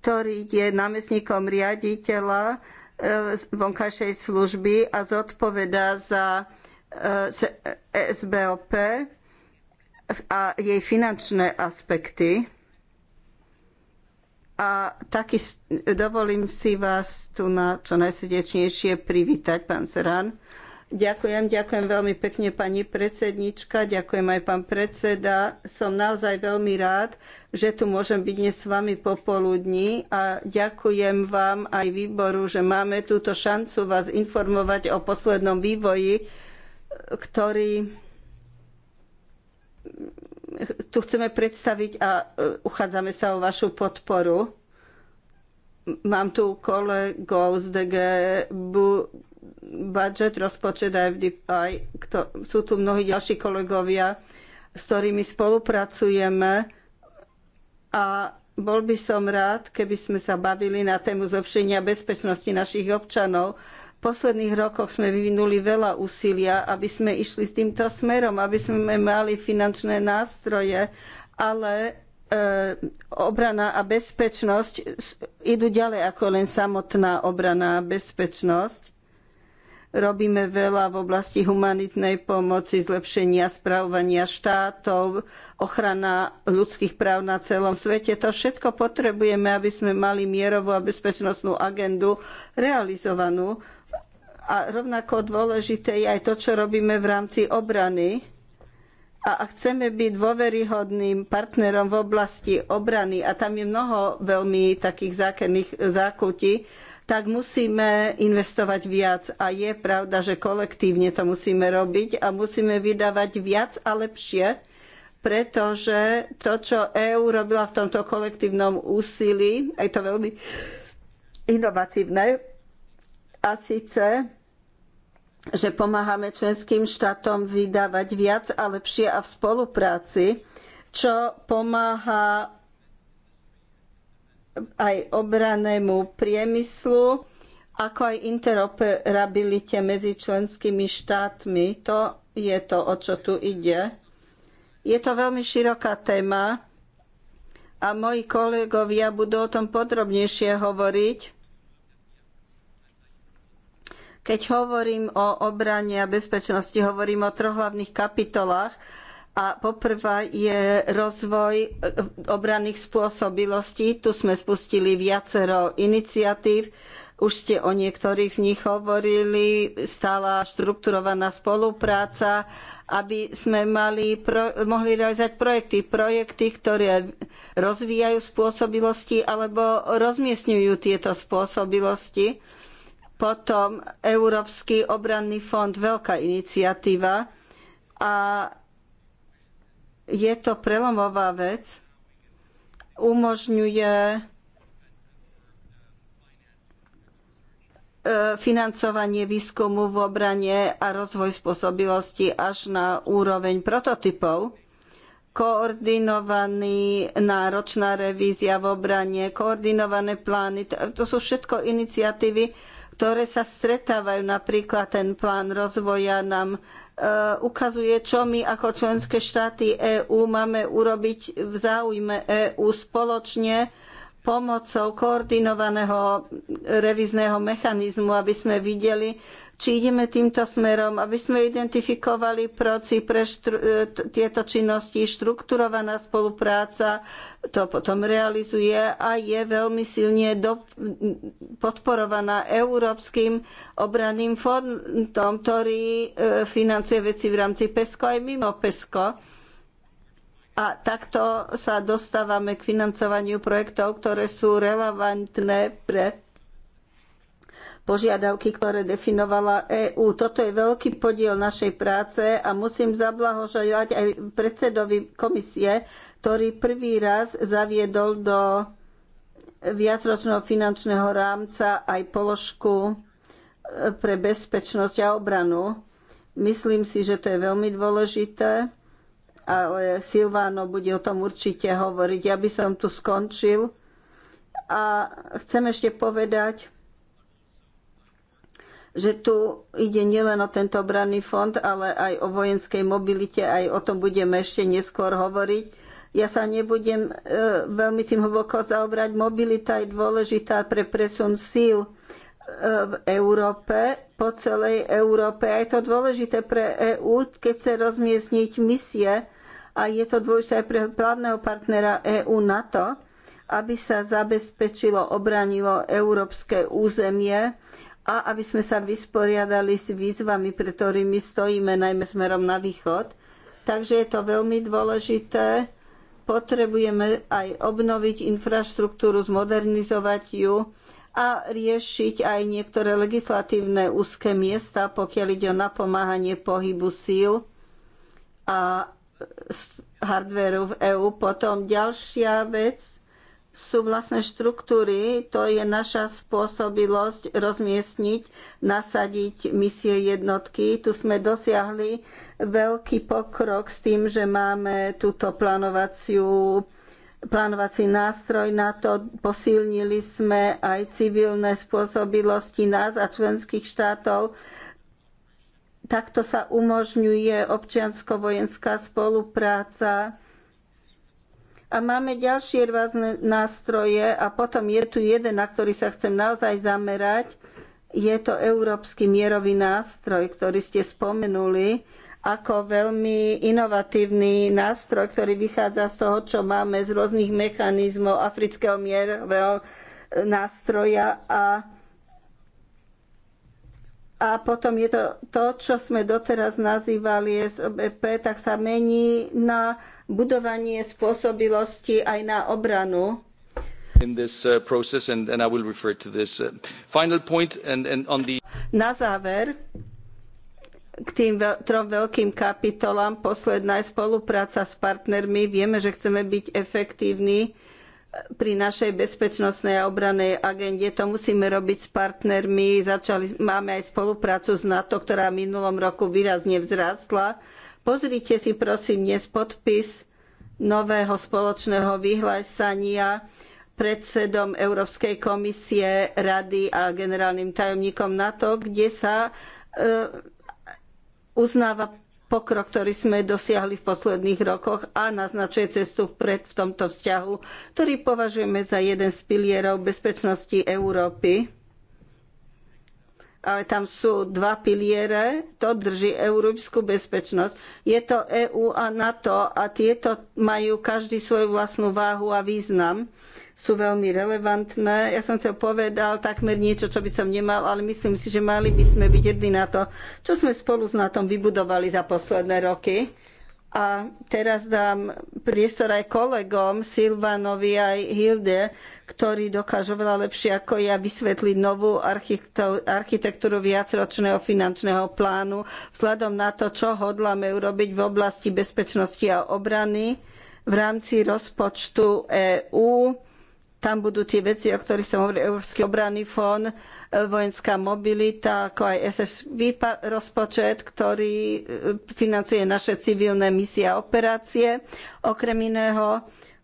[SPEAKER 3] ktorý je námestníkom riaditeľa e, vonkajšej služby a zodpovedá za e, SBOP e, a jej finančné aspekty. A taky dovolím si vás tu na čo najsrdečnejšie privítať, pán Serán. Ďakujem, ďakujem veľmi pekne pani predsednička, ďakujem aj pán predseda. Som naozaj veľmi rád, že tu môžem byť dnes s vami popoludní a ďakujem vám aj výboru, že máme túto šancu vás informovať o poslednom vývoji, ktorý tu chceme predstaviť a e, uchádzame sa o vašu podporu. Mám tu kolegov z DG budget, rozpočet a FDI. Kto, sú tu mnohí ďalší kolegovia, s ktorými spolupracujeme a bol by som rád, keby sme sa bavili na tému zlepšenia bezpečnosti našich občanov. V posledných rokoch sme vyvinuli veľa úsilia, aby sme išli s týmto smerom, aby sme mali finančné nástroje, ale e, obrana a bezpečnosť idú ďalej ako len samotná obrana a bezpečnosť. Robíme veľa v oblasti humanitnej pomoci, zlepšenia správovania štátov, ochrana ľudských práv na celom svete. To všetko potrebujeme, aby sme mali mierovú a bezpečnostnú agendu realizovanú. A rovnako dôležité je aj to, čo robíme v rámci obrany. A ak chceme byť dôveryhodným partnerom v oblasti obrany, a tam je mnoho veľmi takých zákerných zákutí, tak musíme investovať viac. A je pravda, že kolektívne to musíme robiť a musíme vydávať viac a lepšie, pretože to, čo EÚ robila v tomto kolektívnom úsilí, je to veľmi inovatívne, a síce že pomáhame členským štátom vydávať viac a lepšie a v spolupráci, čo pomáha aj obranému priemyslu, ako aj interoperabilite medzi členskými štátmi. To je to, o čo tu ide. Je to veľmi široká téma a moji kolegovia budú o tom podrobnejšie hovoriť. Keď hovorím o obrane a bezpečnosti, hovorím o troch hlavných kapitolách a poprvá je rozvoj e, obranných spôsobilostí. Tu sme spustili viacero iniciatív. Už ste o niektorých z nich hovorili, stála štrukturovaná spolupráca, aby sme mali, pro, mohli realizovať projekty. Projekty, ktoré rozvíjajú spôsobilosti alebo rozmiestňujú tieto spôsobilosti. Potom Európsky obranný fond, veľká iniciatíva. A je to prelomová vec. Umožňuje e, financovanie výskumu v obrane a rozvoj spôsobilosti až na úroveň prototypov, koordinovaný náročná revízia v obrane, koordinované plány, to sú všetko iniciatívy, ktoré sa stretávajú. Napríklad ten plán rozvoja nám Eh, ukazuje, čo my ako členské štáty EÚ máme urobiť v záujme EÚ spoločne pomocou koordinovaného revízneho mechanizmu, aby sme videli, či ideme týmto smerom, aby sme identifikovali proci pre e, tieto činnosti. Štrukturovaná spolupráca to potom realizuje a je veľmi silne podporovaná Európskym obranným fondom, ktorý e, financuje veci v rámci PESCO aj mimo PESCO. A takto sa dostávame k financovaniu projektov, ktoré sú relevantné pre požiadavky, ktoré definovala EÚ. Toto je veľký podiel našej práce a musím zablahoželať aj predsedovi komisie, ktorý prvý raz zaviedol do viacročného finančného rámca aj položku e, pre bezpečnosť a obranu. Myslím si, že to je veľmi dôležité, ale Silváno bude o tom určite hovoriť. Ja by som tu skončil a chcem ešte povedať, že tu ide nielen o tento obranný fond, ale aj o vojenskej mobilite, aj o tom budeme ešte neskôr hovoriť. Ja sa nebudem e, veľmi tým hlboko zaobrať. Mobilita je dôležitá pre presun síl e, v Európe, po celej Európe. A je to dôležité pre EÚ, keď chce rozmiestniť misie a je to dôležité aj pre hlavného partnera EÚ NATO, aby sa zabezpečilo, obranilo európske územie a aby sme sa vysporiadali s výzvami, pre ktorými stojíme, najmä smerom na východ. Takže je to veľmi dôležité. Potrebujeme aj obnoviť infraštruktúru, zmodernizovať ju a riešiť aj niektoré legislatívne úzke miesta, pokiaľ ide o napomáhanie pohybu síl a hardvéru v EÚ. Potom ďalšia vec, sú vlastne štruktúry, to je naša spôsobilosť rozmiestniť, nasadiť misie jednotky. Tu sme dosiahli veľký pokrok s tým, že máme túto plánovaciu plánovací nástroj na to, posilnili sme aj civilné spôsobilosti nás a členských štátov. Takto sa umožňuje občiansko-vojenská spolupráca a máme ďalšie rôzne nástroje a potom je tu jeden, na ktorý sa chcem naozaj zamerať. Je to Európsky mierový nástroj, ktorý ste spomenuli ako veľmi inovatívny nástroj, ktorý vychádza z toho, čo máme z rôznych mechanizmov afrického mierového nástroja a a potom je to to, čo sme doteraz nazývali SBP, tak sa mení na budovanie spôsobilosti aj na obranu na záver k tým veľ, trom veľkým kapitolám. Posledná je spolupráca s partnermi. Vieme, že chceme byť efektívni e, pri našej bezpečnostnej a obranej agende. To musíme robiť s partnermi. Začali, máme aj spoluprácu s NATO, ktorá v minulom roku výrazne vzrástla Pozrite si prosím dnes podpis nového spoločného vyhlásania predsedom Európskej komisie, rady a generálnym tajomníkom NATO, kde sa e, uznáva pokrok, ktorý sme dosiahli v posledných rokoch a naznačuje cestu vpred v tomto vzťahu, ktorý považujeme za jeden z pilierov bezpečnosti Európy ale tam sú dva piliere, to drží európsku bezpečnosť. Je to EÚ a NATO a tieto majú každý svoju vlastnú váhu a význam. Sú veľmi relevantné. Ja som chcel povedal takmer niečo, čo by som nemal, ale myslím si, že mali by sme byť hrdí na to, čo sme spolu s NATO vybudovali za posledné roky a teraz dám priestor aj kolegom, Silvanovi aj Hilde, ktorí dokážu veľa lepšie ako ja vysvetliť novú architektúru viacročného finančného plánu vzhľadom na to, čo hodláme urobiť v oblasti bezpečnosti a obrany v rámci rozpočtu EÚ tam budú tie veci, o ktorých som hovoril, Európsky obranný fond, e, vojenská mobilita, ako aj SFV rozpočet, ktorý e, financuje naše civilné misie a operácie, okrem iného.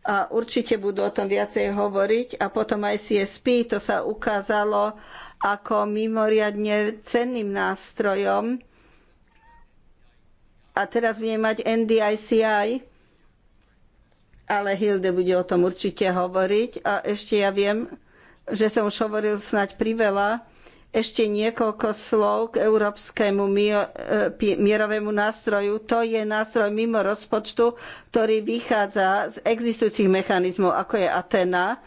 [SPEAKER 3] A určite budú o tom viacej hovoriť. A potom aj CSP, to sa ukázalo ako mimoriadne cenným nástrojom. A teraz budeme mať NDICI, ale Hilde bude o tom určite hovoriť. A ešte ja viem, že som už hovoril snáď priveľa, ešte niekoľko slov k európskemu e, mierovému nástroju. To je nástroj mimo rozpočtu, ktorý vychádza z existujúcich mechanizmov, ako je Atena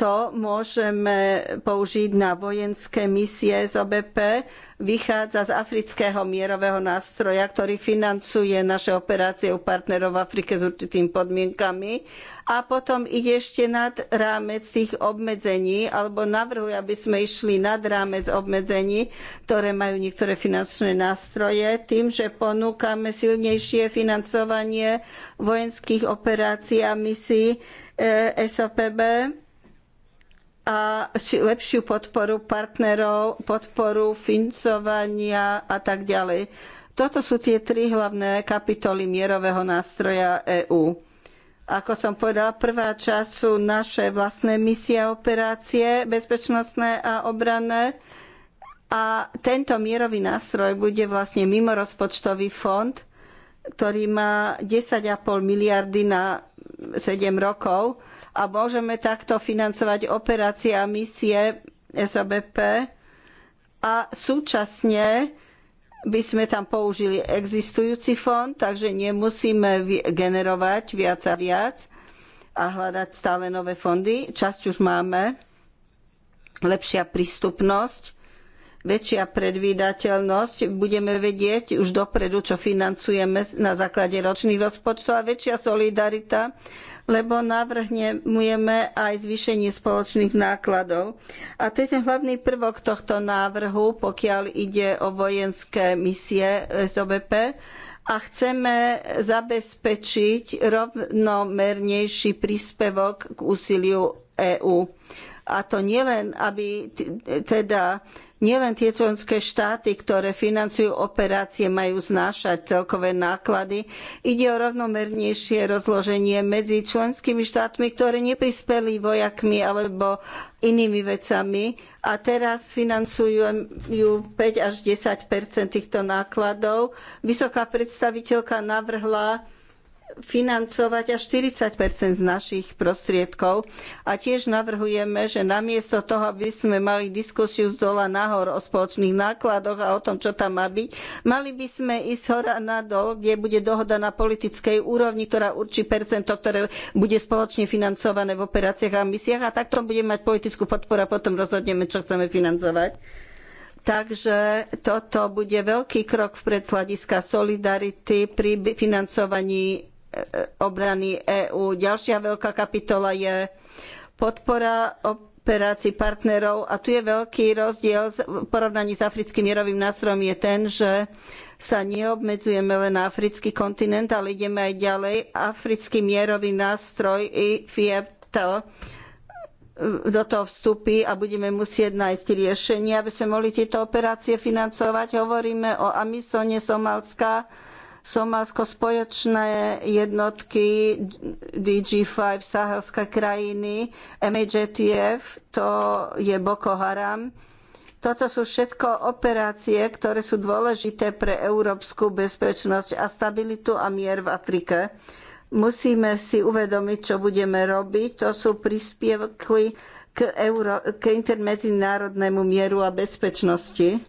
[SPEAKER 3] to môžeme použiť na vojenské misie z OBP. Vychádza z afrického mierového nástroja, ktorý financuje naše operácie u partnerov v Afrike s určitými podmienkami. A potom ide ešte nad rámec tých obmedzení, alebo navrhuje, aby sme išli nad rámec obmedzení, ktoré majú niektoré finančné nástroje, tým, že ponúkame silnejšie financovanie vojenských operácií a misií eh, SOPB a lepšiu podporu partnerov, podporu financovania a tak ďalej. Toto sú tie tri hlavné kapitoly mierového nástroja EÚ. Ako som povedala, prvá časť sú naše vlastné misie a operácie, bezpečnostné a obranné. A tento mierový nástroj bude vlastne mimorozpočtový fond, ktorý má 10,5 miliardy na 7 rokov a môžeme takto financovať operácie a misie SABP a súčasne by sme tam použili existujúci fond, takže nemusíme generovať viac a viac a hľadať stále nové fondy. Časť už máme, lepšia prístupnosť väčšia predvídateľnosť, budeme vedieť už dopredu, čo financujeme na základe ročných rozpočtov a väčšia solidarita, lebo navrhneme aj zvýšenie spoločných nákladov. A to je ten hlavný prvok tohto návrhu, pokiaľ ide o vojenské misie SOBP a chceme zabezpečiť rovnomernejší príspevok k úsiliu EÚ. A to nielen, aby teda nielen tie členské štáty, ktoré financujú operácie, majú znášať celkové náklady. Ide o rovnomernejšie rozloženie medzi členskými štátmi, ktoré neprispeli vojakmi alebo inými vecami a teraz financujú 5 až 10 týchto nákladov. Vysoká predstaviteľka navrhla financovať až 40 z našich prostriedkov a tiež navrhujeme, že namiesto toho, aby sme mali diskusiu z dola nahor o spoločných nákladoch a o tom, čo tam má byť, mali by sme ísť hora nadol, kde bude dohoda na politickej úrovni, ktorá určí percento, ktoré bude spoločne financované v operáciách a misiách a takto budeme mať politickú podporu a potom rozhodneme, čo chceme financovať. Takže toto bude veľký krok vpred z hľadiska solidarity pri financovaní obrany EÚ. Ďalšia veľká kapitola je podpora operácií partnerov a tu je veľký rozdiel v porovnaní s africkým mierovým nástrojom je ten, že sa neobmedzujeme len na africký kontinent, ale ideme aj ďalej. Africký mierový nástroj i FIEP do toho vstupy a budeme musieť nájsť riešenie, aby sme mohli tieto operácie financovať. Hovoríme o Amisone Somalská. Somálsko spoločné jednotky DG5, sahelské krajiny, MHTF, to je Boko Haram. Toto sú všetko operácie, ktoré sú dôležité pre európsku bezpečnosť a stabilitu a mier v Afrike. Musíme si uvedomiť, čo budeme robiť. To sú príspevky k, euro, k intermedzinárodnému mieru a bezpečnosti.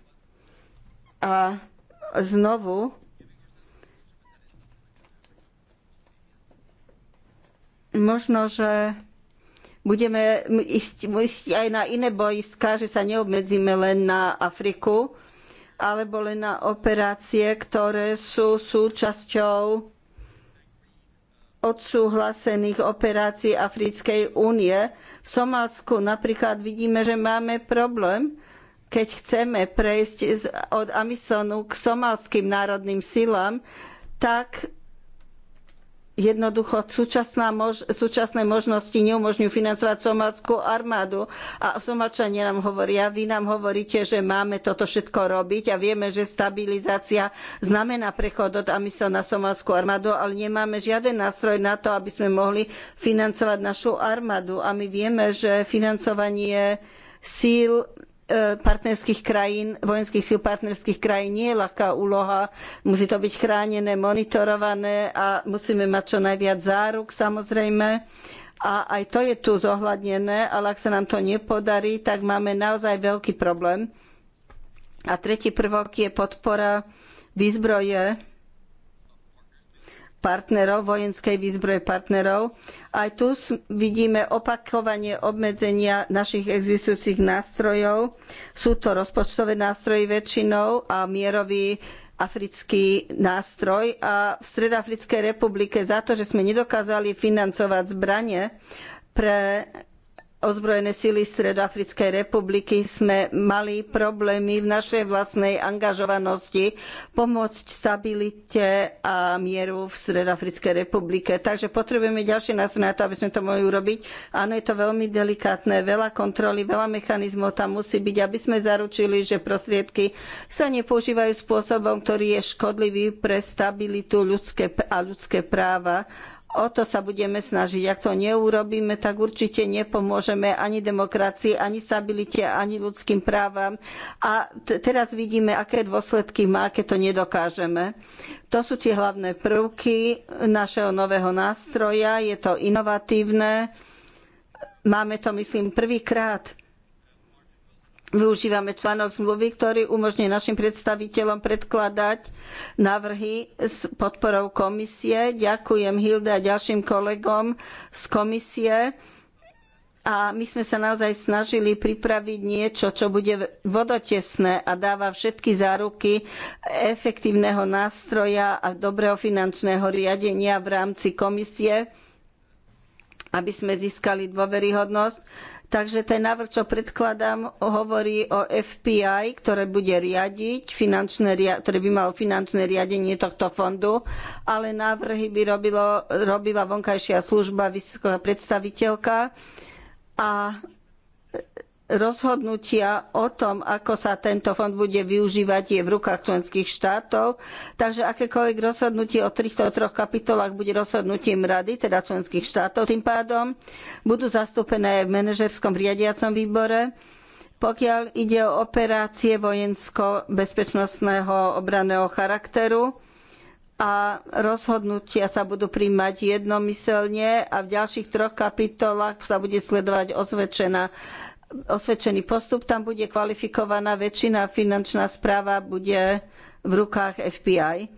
[SPEAKER 3] A znovu Možno, že budeme ísť, ísť aj na iné boiska, že sa neobmedzíme len na Afriku, alebo len na operácie, ktoré sú súčasťou odsúhlasených operácií Africkej únie. V Somálsku napríklad vidíme, že máme problém, keď chceme prejsť od Amisonu k somalským národným silám, tak Jednoducho súčasná mož, súčasné možnosti neumožňujú financovať somalskú armádu a somalčania nám hovoria, vy nám hovoríte, že máme toto všetko robiť a vieme, že stabilizácia znamená prechod od AMISO na somalskú armádu, ale nemáme žiaden nástroj na to, aby sme mohli financovať našu armádu a my vieme, že financovanie síl E, partnerských krajín, vojenských síl partnerských krajín nie je ľahká úloha. Musí to byť chránené, monitorované a musíme mať čo najviac záruk samozrejme. A aj to je tu zohľadnené, ale ak sa nám to nepodarí, tak máme naozaj veľký problém. A tretí prvok je podpora výzbroje partnerov, vojenskej výzbroje partnerov. Aj tu vidíme opakovanie obmedzenia našich existujúcich nástrojov. Sú to rozpočtové nástroje väčšinou a mierový africký nástroj a v Stredoafrickej republike za to, že sme nedokázali financovať zbranie pre ozbrojené sily Stredoafrickej republiky sme mali problémy v našej vlastnej angažovanosti pomôcť stabilite a mieru v Stredoafrickej republike. Takže potrebujeme ďalšie nástroje na to, aby sme to mohli urobiť. Áno, je to veľmi delikátne, veľa kontroly, veľa mechanizmov tam musí byť, aby sme zaručili, že prostriedky sa nepoužívajú spôsobom, ktorý je škodlivý pre stabilitu ľudské a ľudské práva O to sa budeme snažiť. Ak to neurobíme, tak určite nepomôžeme ani demokracii, ani stabilite, ani ľudským právam. A teraz vidíme, aké dôsledky má, keď to nedokážeme. To sú tie hlavné prvky našeho nového nástroja. Je to inovatívne. Máme to, myslím, prvýkrát Využívame článok zmluvy, ktorý umožňuje našim predstaviteľom predkladať návrhy s podporou komisie. Ďakujem Hilde a ďalším kolegom z komisie. A my sme sa naozaj snažili pripraviť niečo, čo bude vodotesné a dáva všetky záruky efektívneho nástroja a dobrého finančného riadenia v rámci komisie, aby sme získali dôveryhodnosť Takže ten návrh, čo predkladám, hovorí o FPI, ktoré bude riadiť, finančné, ktoré by malo finančné riadenie tohto fondu, ale návrhy by robilo, robila vonkajšia služba, vysoká predstaviteľka a rozhodnutia o tom, ako sa tento fond bude využívať, je v rukách členských štátov, takže akékoľvek rozhodnutie o týchto troch kapitolách bude rozhodnutím rady, teda členských štátov. Tým pádom budú zastúpené aj v manažerskom riadiacom výbore. Pokiaľ ide o operácie vojensko-bezpečnostného obranného charakteru, a rozhodnutia sa budú príjmať jednomyseľne a v ďalších troch kapitolách sa bude sledovať osvedčená osvedčený postup, tam bude kvalifikovaná väčšina, finančná správa bude v rukách FPI.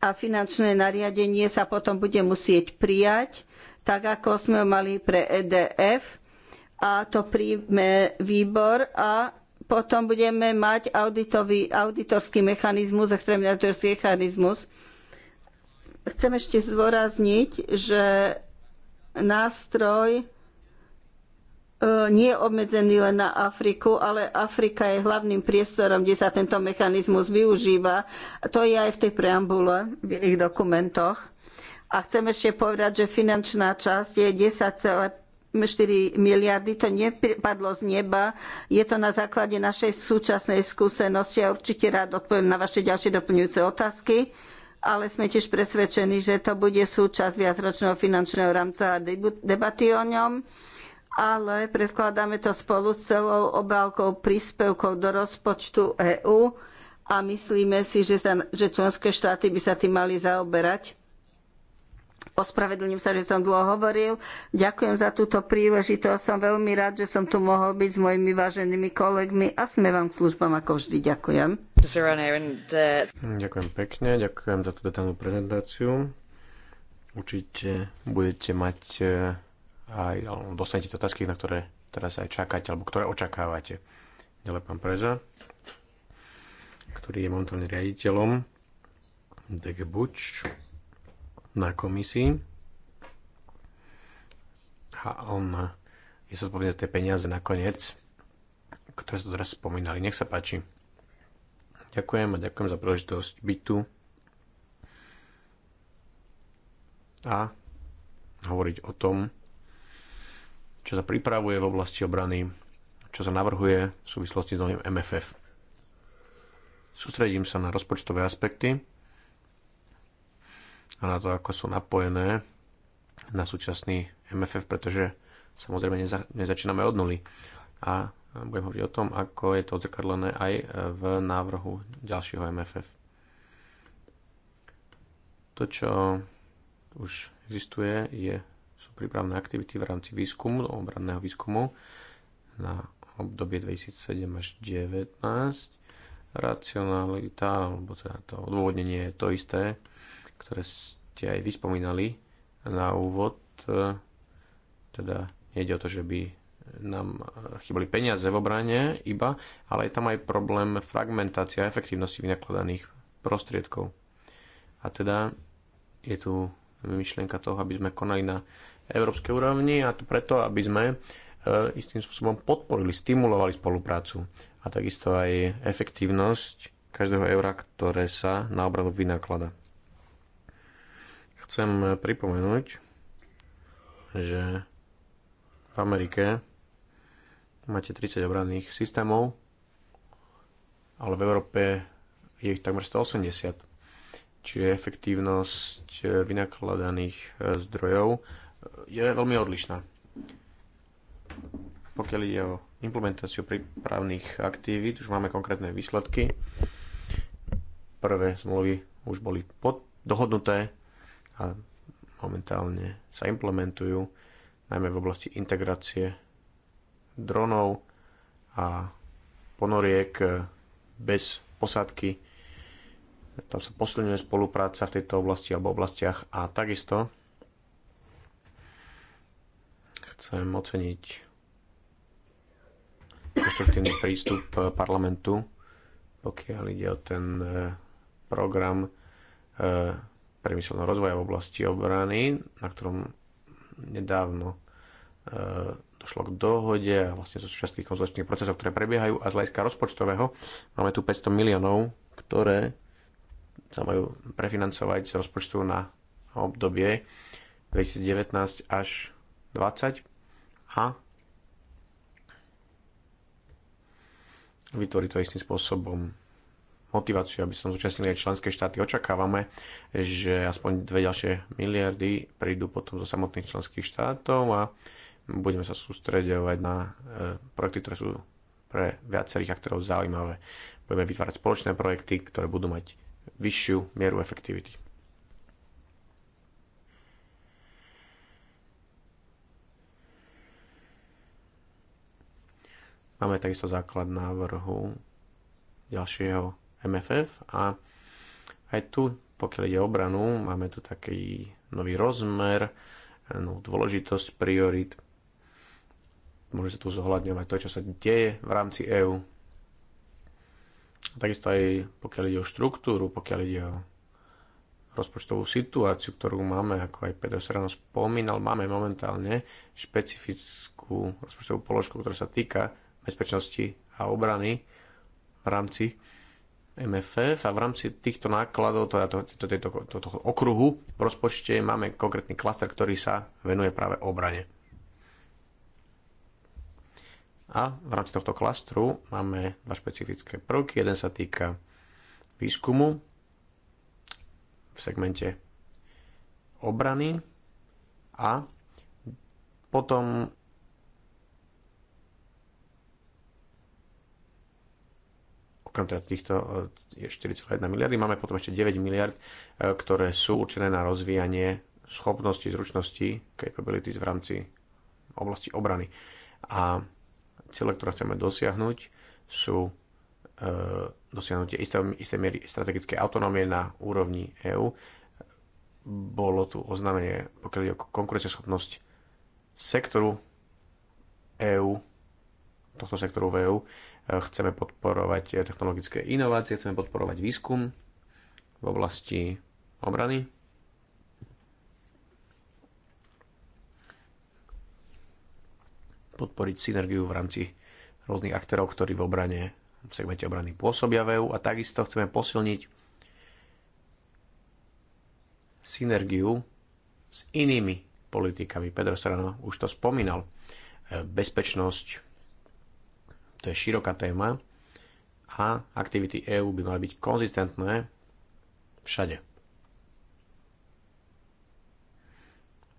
[SPEAKER 3] A finančné nariadenie sa potom bude musieť prijať, tak ako sme ho mali pre EDF. A to príjme výbor a potom budeme mať auditový, auditorský mechanizmus, extrémny auditorský mechanizmus. Chcem ešte zdôrazniť, že nástroj nie je obmedzený len na Afriku, ale Afrika je hlavným priestorom, kde sa tento mechanizmus využíva. To je aj v tej preambule, v iných dokumentoch. A chcem ešte povedať, že finančná časť je 10,4 miliardy, to nepadlo z neba. Je to na základe našej súčasnej skúsenosti a určite rád odpoviem na vaše ďalšie doplňujúce otázky ale sme tiež presvedčení, že to bude súčasť viacročného finančného rámca a debaty o ňom ale predkladáme to spolu s celou obálkou príspevkov do rozpočtu EÚ a myslíme si, že, sa, že členské štáty by sa tým mali zaoberať Ospravedlňujem sa, že som dlho hovoril. Ďakujem za túto príležitosť. Som veľmi rád, že som tu mohol byť s mojimi váženými kolegmi a sme vám k službám ako vždy. Ďakujem.
[SPEAKER 2] Ďakujem pekne, ďakujem za tú detálnu prezentáciu. Určite budete mať eh, aj, dostanete otázky, na ktoré teraz aj čakáte, alebo ktoré očakávate. Ďalej pán Preza, ktorý je momentálne riaditeľom DG Buč na komisii a on je sa spomínal tie peniaze nakoniec, ktoré sa teraz spomínali. Nech sa páči. Ďakujem a ďakujem za príležitosť byť tu a hovoriť o tom, čo sa pripravuje v oblasti obrany, čo sa navrhuje v súvislosti s novým MFF. Sústredím sa na rozpočtové aspekty a na to, ako sú napojené na súčasný MFF, pretože samozrejme neza, nezačíname od nuly. A budem hovoriť o tom, ako je to odzrkadlené aj v návrhu ďalšieho MFF. To, čo už existuje, je, sú prípravné aktivity v rámci výskumu, obranného výskumu na obdobie 2007 až 2019. Racionalita, alebo teda to odôvodnenie je to isté, ktoré ste aj vyspomínali na úvod. E, teda nejde o to, že by nám chýbali peniaze v obrane iba, ale je tam aj problém fragmentácia a efektívnosti vynakladaných prostriedkov. A teda je tu myšlienka toho, aby sme konali na európskej úrovni a to preto, aby sme e, istým spôsobom podporili, stimulovali spoluprácu a takisto aj efektívnosť každého eura, ktoré sa na obranu vynaklada. Chcem pripomenúť, že v Amerike máte 30 obranných systémov, ale v Európe je ich takmer 180. Čiže efektívnosť eh, vynakladaných eh, zdrojov eh, je veľmi odlišná. Pokiaľ ide o implementáciu prípravných aktivít, už máme konkrétne výsledky. Prvé zmluvy už boli pod, dohodnuté a momentálne sa implementujú, najmä v oblasti integrácie dronov a ponoriek e, bez posádky. Tam sa posilňuje spolupráca v tejto oblasti alebo oblastiach a takisto chcem oceniť konstruktívny prístup e, parlamentu, pokiaľ ide o ten e, program priemyselného rozvoja v oblasti obrany, na ktorom nedávno e, došlo k dohode a vlastne zo súčasných konzolačných procesov, ktoré prebiehajú a z hľadiska rozpočtového máme tu 500 miliónov, ktoré sa majú prefinancovať z rozpočtu na obdobie 2019 až 2020 a vytvorí to istým spôsobom motiváciu, aby sa tam zúčastnili aj členské štáty. Očakávame, že aspoň dve ďalšie miliardy prídu potom zo samotných členských štátov a budeme sa sústredovať na e, projekty, ktoré sú pre viacerých aktérov zaujímavé. Budeme vytvárať spoločné projekty, ktoré budú mať vyššiu mieru efektivity. Máme takisto základ návrhu ďalšieho MFF a aj tu, pokiaľ ide o obranu, máme tu taký nový rozmer, novú dôležitosť priorit. Môže sa tu zohľadňovať to, čo sa deje v rámci EÚ. Takisto aj pokiaľ ide o štruktúru, pokiaľ ide o rozpočtovú situáciu, ktorú máme, ako aj Peter Serano spomínal, máme momentálne špecifickú rozpočtovú položku, ktorá sa týka bezpečnosti a obrany v rámci MFF a v rámci týchto nákladov, teda to, to, to, to, to, okruhu v rozpočte máme konkrétny klaster, ktorý sa venuje práve obrane. A v rámci tohto klastru máme dva špecifické prvky. Jeden sa týka výskumu v segmente obrany a potom okrem teda týchto 4,1 e, miliardy, máme potom ešte 9 miliard, e, ktoré sú určené na rozvíjanie schopnosti, zručnosti capabilities v rámci oblasti obrany. A cieľe, ktoré chceme dosiahnuť, sú e, dosiahnutie istej miery strategickej autonómie na úrovni EÚ. Bolo tu oznámenie, pokiaľ je o konkurenceschopnosť sektoru EÚ, tohto sektoru v EÚ, Chceme podporovať technologické inovácie, chceme podporovať výskum v oblasti obrany. Podporiť synergiu v rámci rôznych aktérov, ktorí v obrane, v segmente obrany pôsobia v e a takisto chceme posilniť synergiu s inými politikami. Pedro Strano už to spomínal. E, bezpečnosť, to je široká téma a aktivity EÚ by mali byť konzistentné všade.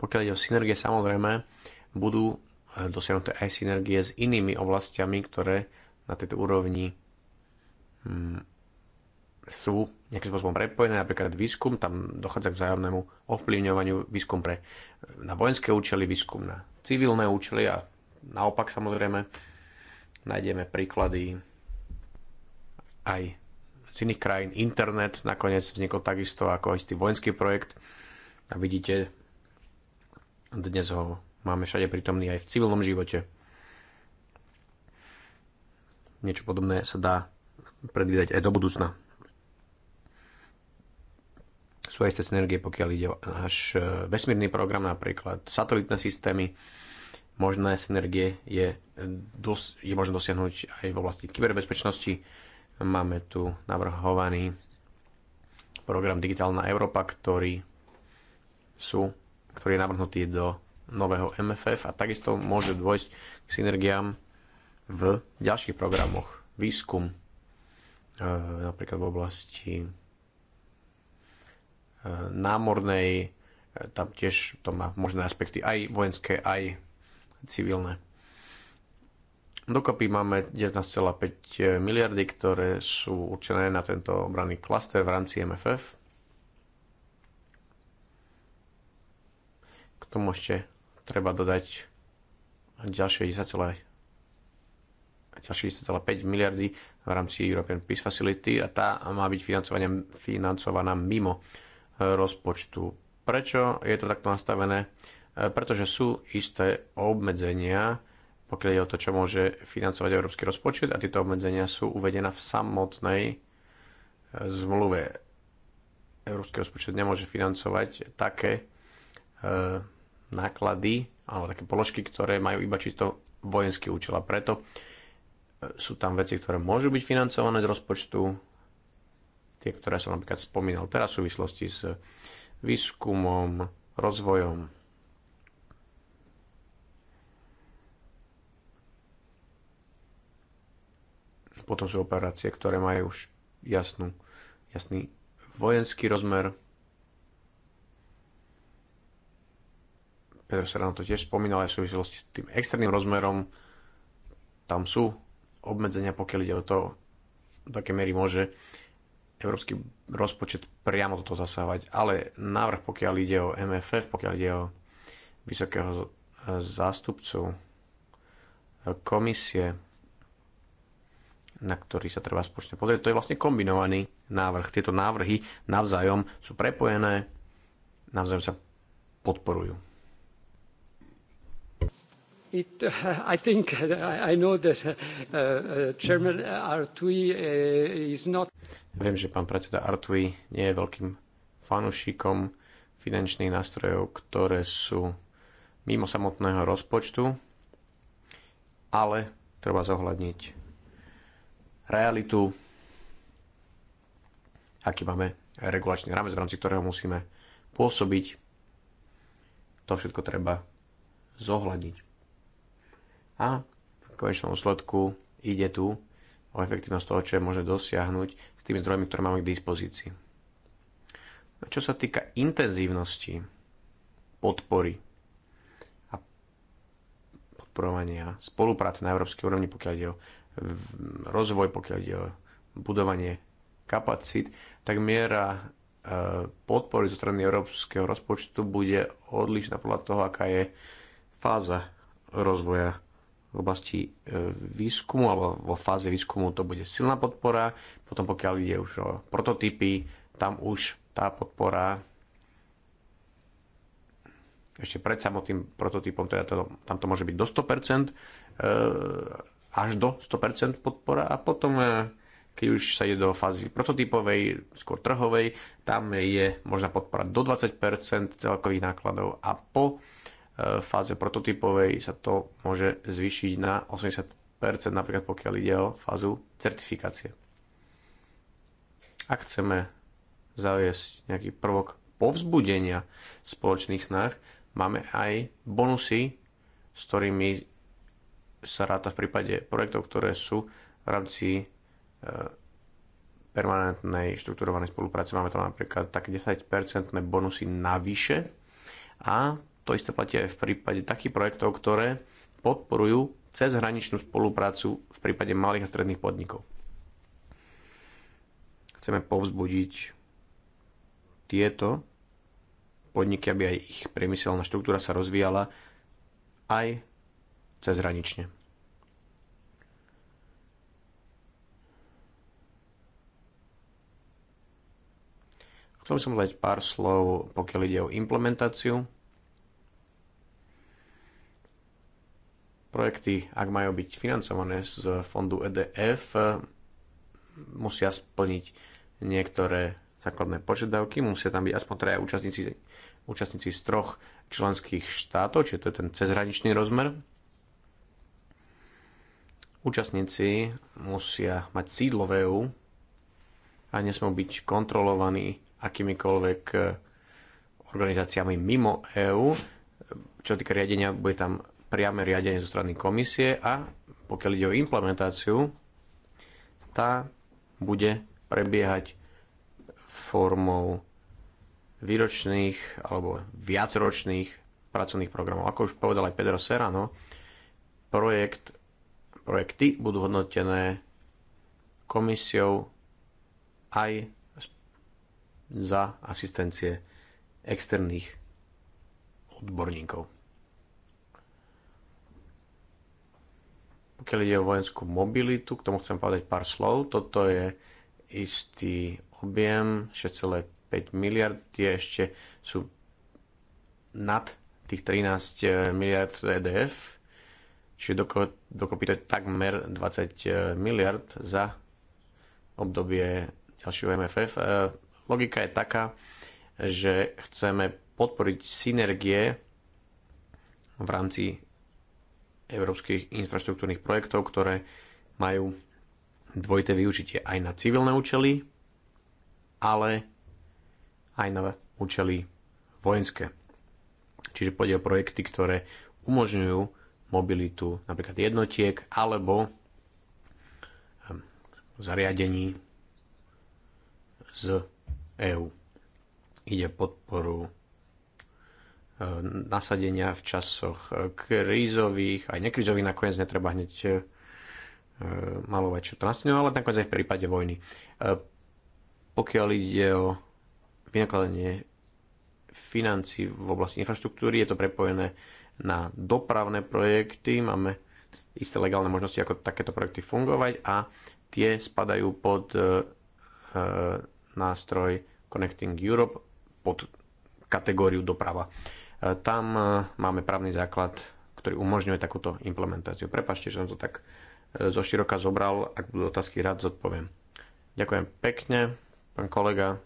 [SPEAKER 2] Pokiaľ ide o synergie, samozrejme, budú eh, dosiahnuté aj synergie s inými oblastiami, ktoré na tejto úrovni hm, sú nejakým spôsobom prepojené, napríklad výskum, tam dochádza k vzájomnému ovplyvňovaniu výskum pre, eh, na vojenské účely, výskum na civilné účely a naopak samozrejme Nájdeme príklady aj z iných krajín. Internet nakoniec vznikol takisto ako istý vojenský projekt a vidíte, dnes ho máme všade prítomný aj v civilnom živote. Niečo podobné sa dá predvídať aj do budúcna. Sú aj ste synergie, pokiaľ ide o náš e, vesmírny program, napríklad satelitné systémy, možné synergie je, dos- je možné dosiahnuť aj v oblasti kyberbezpečnosti. Máme tu navrhovaný program Digitálna Európa, ktorý, sú, ktorý je navrhnutý do nového MFF a takisto môže dôjsť k synergiám v ďalších programoch. Výskum, e, napríklad v oblasti e, námornej, e, tam tiež to má možné aspekty aj vojenské, aj civilné. Dokopy máme 19,5 miliardy, ktoré sú určené na tento obranný klaster v rámci MFF. K tomu ešte treba dodať ďalšie ďalšie 10,5 miliardy v rámci European Peace Facility a tá má byť financovaná mimo rozpočtu. Prečo je to takto nastavené? E, pretože sú isté obmedzenia, pokiaľ je o to, čo môže financovať európsky rozpočet a tieto obmedzenia sú uvedené v samotnej e, zmluve. Európsky rozpočet nemôže financovať také e, náklady alebo také položky, ktoré majú iba čisto vojenský účel a preto sú tam veci, ktoré môžu byť financované z rozpočtu, tie, ktoré som napríklad spomínal teraz v súvislosti s výskumom, rozvojom Potom sú operácie, ktoré majú už jasnú, jasný vojenský rozmer. Pedro sa na to tiež spomínal aj v súvislosti s tým externým rozmerom. Tam sú obmedzenia, pokiaľ ide o to, do akej miery môže európsky rozpočet priamo toto zasávať. Ale návrh, pokiaľ ide o MFF, pokiaľ ide o vysokého e, zástupcu e, komisie, na ktorý sa treba spočne pozrieť. To je vlastne kombinovaný návrh. Tieto návrhy navzájom sú prepojené, navzájom sa podporujú.
[SPEAKER 1] It, uh, I think uh, I know that uh, uh Chairman Artui is not...
[SPEAKER 2] Viem, že pán predseda Artui nie je veľkým fanušikom finančných nástrojov, ktoré sú mimo samotného rozpočtu, ale treba zohľadniť realitu, aký máme regulačný rámec, v rámci ktorého musíme pôsobiť. To všetko treba zohľadiť. A v konečnom úsledku ide tu o efektivnosť toho, čo je možné dosiahnuť s tými zdrojmi, ktoré máme k dispozícii. A čo sa týka intenzívnosti podpory a podporovania spolupráce na európskej úrovni, pokiaľ ide o rozvoj, pokiaľ ide o budovanie kapacít, tak miera e, podpory zo strany európskeho rozpočtu bude odlišná podľa toho, aká je fáza rozvoja v oblasti e, výskumu alebo vo fáze výskumu to bude silná podpora, potom pokiaľ ide už o prototypy, tam už tá podpora ešte pred samotným prototypom, teda to, tam to môže byť do 100% až do 100% podpora a potom e, keď už sa ide do fázy prototypovej, skôr trhovej, tam je možná podpora do 20% celkových nákladov a po e, fáze prototypovej sa to môže zvýšiť na 80%, napríklad pokiaľ ide o fázu certifikácie. Ak chceme zaviesť nejaký prvok povzbudenia v spoločných snách, máme aj bonusy, s ktorými sa ráta v prípade projektov, ktoré sú v rámci e, permanentnej štrukturovanej spolupráce. Máme tam napríklad také 10-percentné bonusy navyše a to isté platí aj v prípade takých projektov, ktoré podporujú cezhraničnú spoluprácu v prípade malých a stredných podnikov. Chceme povzbudiť tieto podniky, aby aj ich priemyselná štruktúra sa rozvíjala aj cezhranične. Chcel by som dať pár slov, pokiaľ ide o implementáciu. Projekty, ak majú byť financované z fondu EDF, musia splniť niektoré základné požiadavky. Musia tam byť aspoň traja účastníci, účastníci z troch členských štátov, čiže to je ten cezhraničný rozmer účastníci musia mať sídlo v EU a nesmú byť kontrolovaní akýmikoľvek eh, organizáciami mimo EÚ. Čo týka riadenia, bude tam priame riadenie zo strany komisie a pokiaľ ide o implementáciu, tá bude prebiehať formou výročných alebo viacročných pracovných programov. Ako už povedal aj Pedro Serrano, projekt Projekty budú hodnotené komisiou aj za asistencie externých odborníkov. Pokiaľ ide o vojenskú mobilitu, k tomu chcem povedať pár slov. Toto je istý objem 6,5 miliard, tie ešte sú nad tých 13 miliard EDF, Čiže dokopy to je takmer 20 e, miliard za obdobie ďalšieho MFF. E, logika je taká, že chceme podporiť synergie v rámci európskych infraštruktúrnych projektov, ktoré majú dvojité využitie aj na civilné účely, ale aj na účely vojenské. Čiže pôjde o projekty, ktoré umožňujú mobilitu napríklad jednotiek alebo ehm, zariadení z EÚ. Ide podporu ehm, nasadenia v časoch e, krízových, aj nekrízových nakoniec netreba hneď e, e, malovať čo to ale nakoniec aj v prípade vojny. Pokiaľ ide o vynakladanie financí v oblasti infraštruktúry, je to prepojené na dopravné projekty, máme isté legálne možnosti, ako takéto projekty fungovať a tie spadajú pod e, e, nástroj Connecting Europe, pod kategóriu doprava. E, tam e, máme právny základ, ktorý umožňuje takúto implementáciu. Prepašte, že som to tak e, zo široka zobral, ak budú otázky, rád zodpoviem. Ďakujem pekne, pán kolega.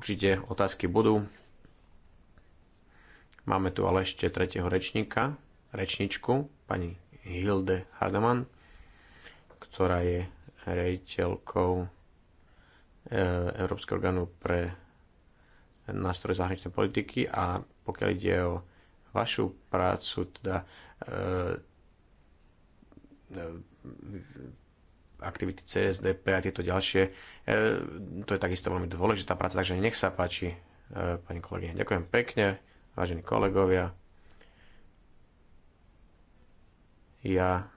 [SPEAKER 2] Určite otázky budú. Máme tu ale ešte tretieho rečníka, rečničku, pani Hilde Hardeman, ktorá je rejiteľkou e, Európskeho orgánu pre nástroj zahraničnej politiky a pokiaľ ide o vašu prácu, teda e, e, aktivity CSDP a tieto ďalšie, to je takisto veľmi dôležitá práca, takže nech sa páči, pani kolegyne. Ďakujem pekne, vážení kolegovia. Ja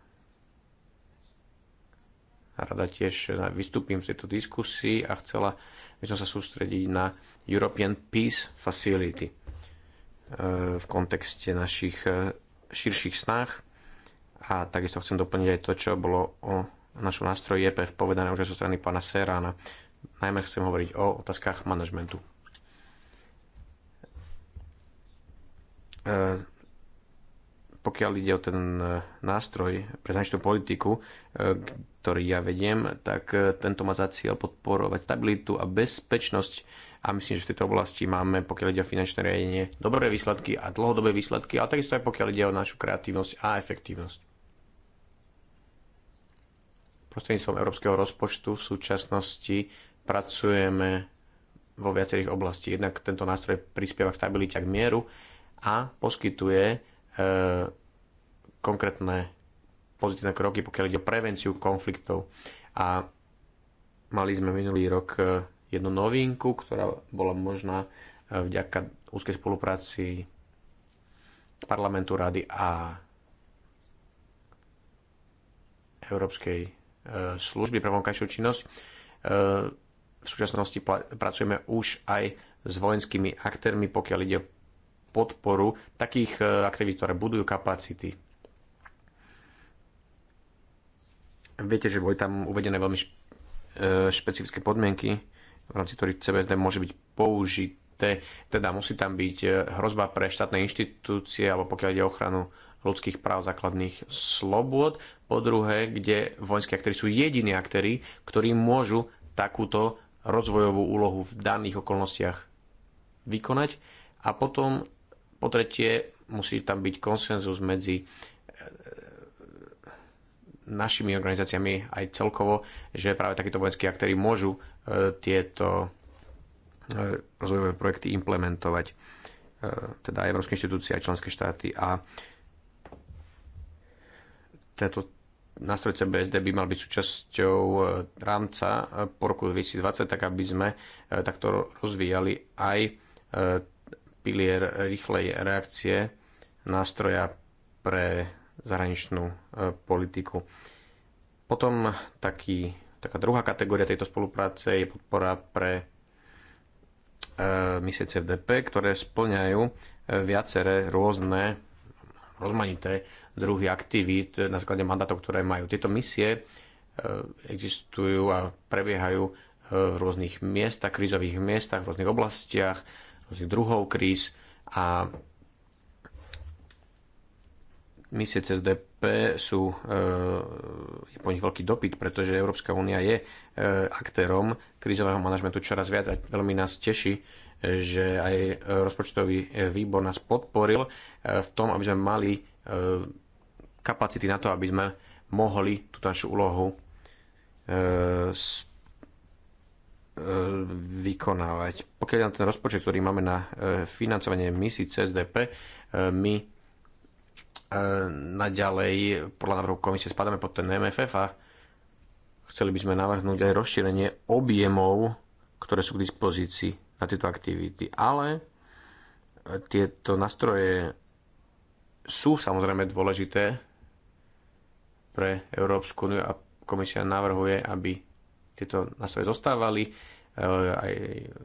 [SPEAKER 2] rada tiež vystúpim v tejto diskusii a chcela by som sa sústrediť na European Peace Facility e, v kontexte našich e, širších snách a takisto chcem doplniť aj to, čo bolo o našom nástroji EPF povedané už zo strany pána Serána. Najmä chcem hovoriť o otázkach manažmentu. E, pokiaľ ide o ten e, nástroj pre zahraničnú politiku, e, ktorý ja vediem, tak tento má za cieľ podporovať stabilitu a bezpečnosť a myslím, že v tejto oblasti máme, pokiaľ ide o finančné riadenie, dobré výsledky a dlhodobé výsledky, ale takisto aj pokiaľ ide o našu kreatívnosť a efektívnosť. Prostredníctvom európskeho rozpočtu v súčasnosti pracujeme vo viacerých oblasti. Jednak tento nástroj prispieva k stabilite a k mieru, a poskytuje e, konkrétne pozitívne kroky, pokiaľ ide o prevenciu konfliktov. A mali sme minulý rok e, jednu novinku, ktorá bola možná e, vďaka úzkej spolupráci parlamentu, rady a Európskej služby pre vonkajšiu činnosť. V súčasnosti pracujeme už aj s vojenskými aktérmi, pokiaľ ide o podporu takých e, aktivít, ktoré budujú kapacity. Viete, že boli tam uvedené veľmi e, špecifické podmienky, v rámci ktorých CBSD môže byť použité. Teda musí tam byť e, hrozba pre štátne inštitúcie alebo pokiaľ ide o ochranu ľudských práv, základných slobôd. Po druhé, kde vojenské aktéry sú jediní aktéry, ktorí môžu takúto rozvojovú úlohu v daných okolnostiach vykonať. A potom po tretie, musí tam byť konsenzus medzi e, našimi organizáciami aj celkovo, že práve takíto vojenskí aktéry môžu e, tieto e, rozvojové projekty implementovať, teda Európske inštitúcie aj členské štáty a tento nástroj CBSD by mal byť súčasťou rámca po roku 2020, tak aby sme takto rozvíjali aj pilier rýchlej reakcie nástroja pre zahraničnú e, politiku. Potom taký, taká druhá kategória tejto spolupráce je podpora pre e, misie CFDP, ktoré splňajú e, viaceré rôzne rozmanité druhy aktivít na základe mandátov, ktoré majú. Tieto misie existujú a prebiehajú v rôznych miestach, krízových miestach, v rôznych oblastiach, rôznych druhov kríz a misie CSDP sú, e, je po nich veľký dopyt, pretože Európska únia je e, aktérom krízového manažmentu čoraz viac a veľmi nás teší, že aj rozpočtový e, výbor nás podporil v tom, aby sme mali kapacity na to, aby sme mohli tú našu úlohu E, vykonávať. Pokiaľ na ten rozpočet, ktorý máme na e, financovanie misií CSDP, e, my naďalej podľa návrhu komisie spadáme pod ten MFF a chceli by sme navrhnúť aj rozšírenie objemov, ktoré sú k dispozícii na tieto aktivity. Ale tieto nástroje sú samozrejme dôležité pre Európsku úniu a komisia navrhuje, aby tieto nástroje zostávali e, aj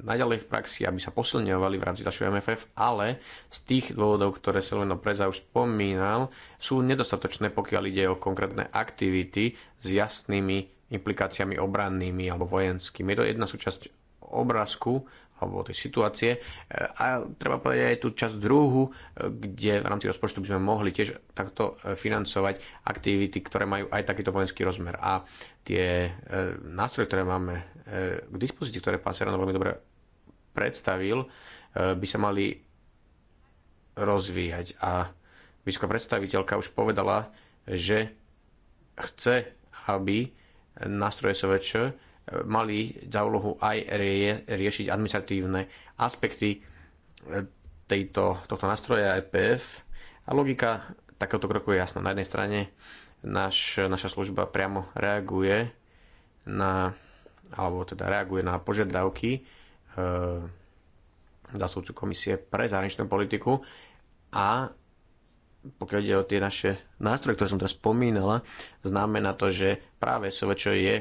[SPEAKER 2] naďalej v praxi, aby sa posilňovali v rámci ďalšieho MFF, ale z tých dôvodov, ktoré Silveno Preza už spomínal, sú nedostatočné, pokiaľ ide o konkrétne aktivity s jasnými implikáciami obrannými alebo vojenskými. Je to jedna súčasť obrázku, alebo tej situácie. E, a treba povedať aj tú časť druhu, e, kde v rámci rozpočtu by sme mohli tiež takto e, financovať aktivity, ktoré majú aj takýto vojenský rozmer. A tie nástroje, ktoré máme k dispozícii, ktoré pán Serano veľmi dobre predstavil, by sa mali rozvíjať. A vysoká predstaviteľka už povedala, že chce, aby nástroje SVČ mali za úlohu aj rie, riešiť administratívne aspekty e, tejto, tohto nástroja EPF. A logika takéhoto kroku je jasná. Na jednej strane naš, naša služba priamo reaguje na alebo teda reaguje na požiadavky e, zastupcu komisie pre zahraničnú politiku a pokiaľ ide o tie naše nástroje, ktoré som teraz spomínala, znamená to, že práve SVČ je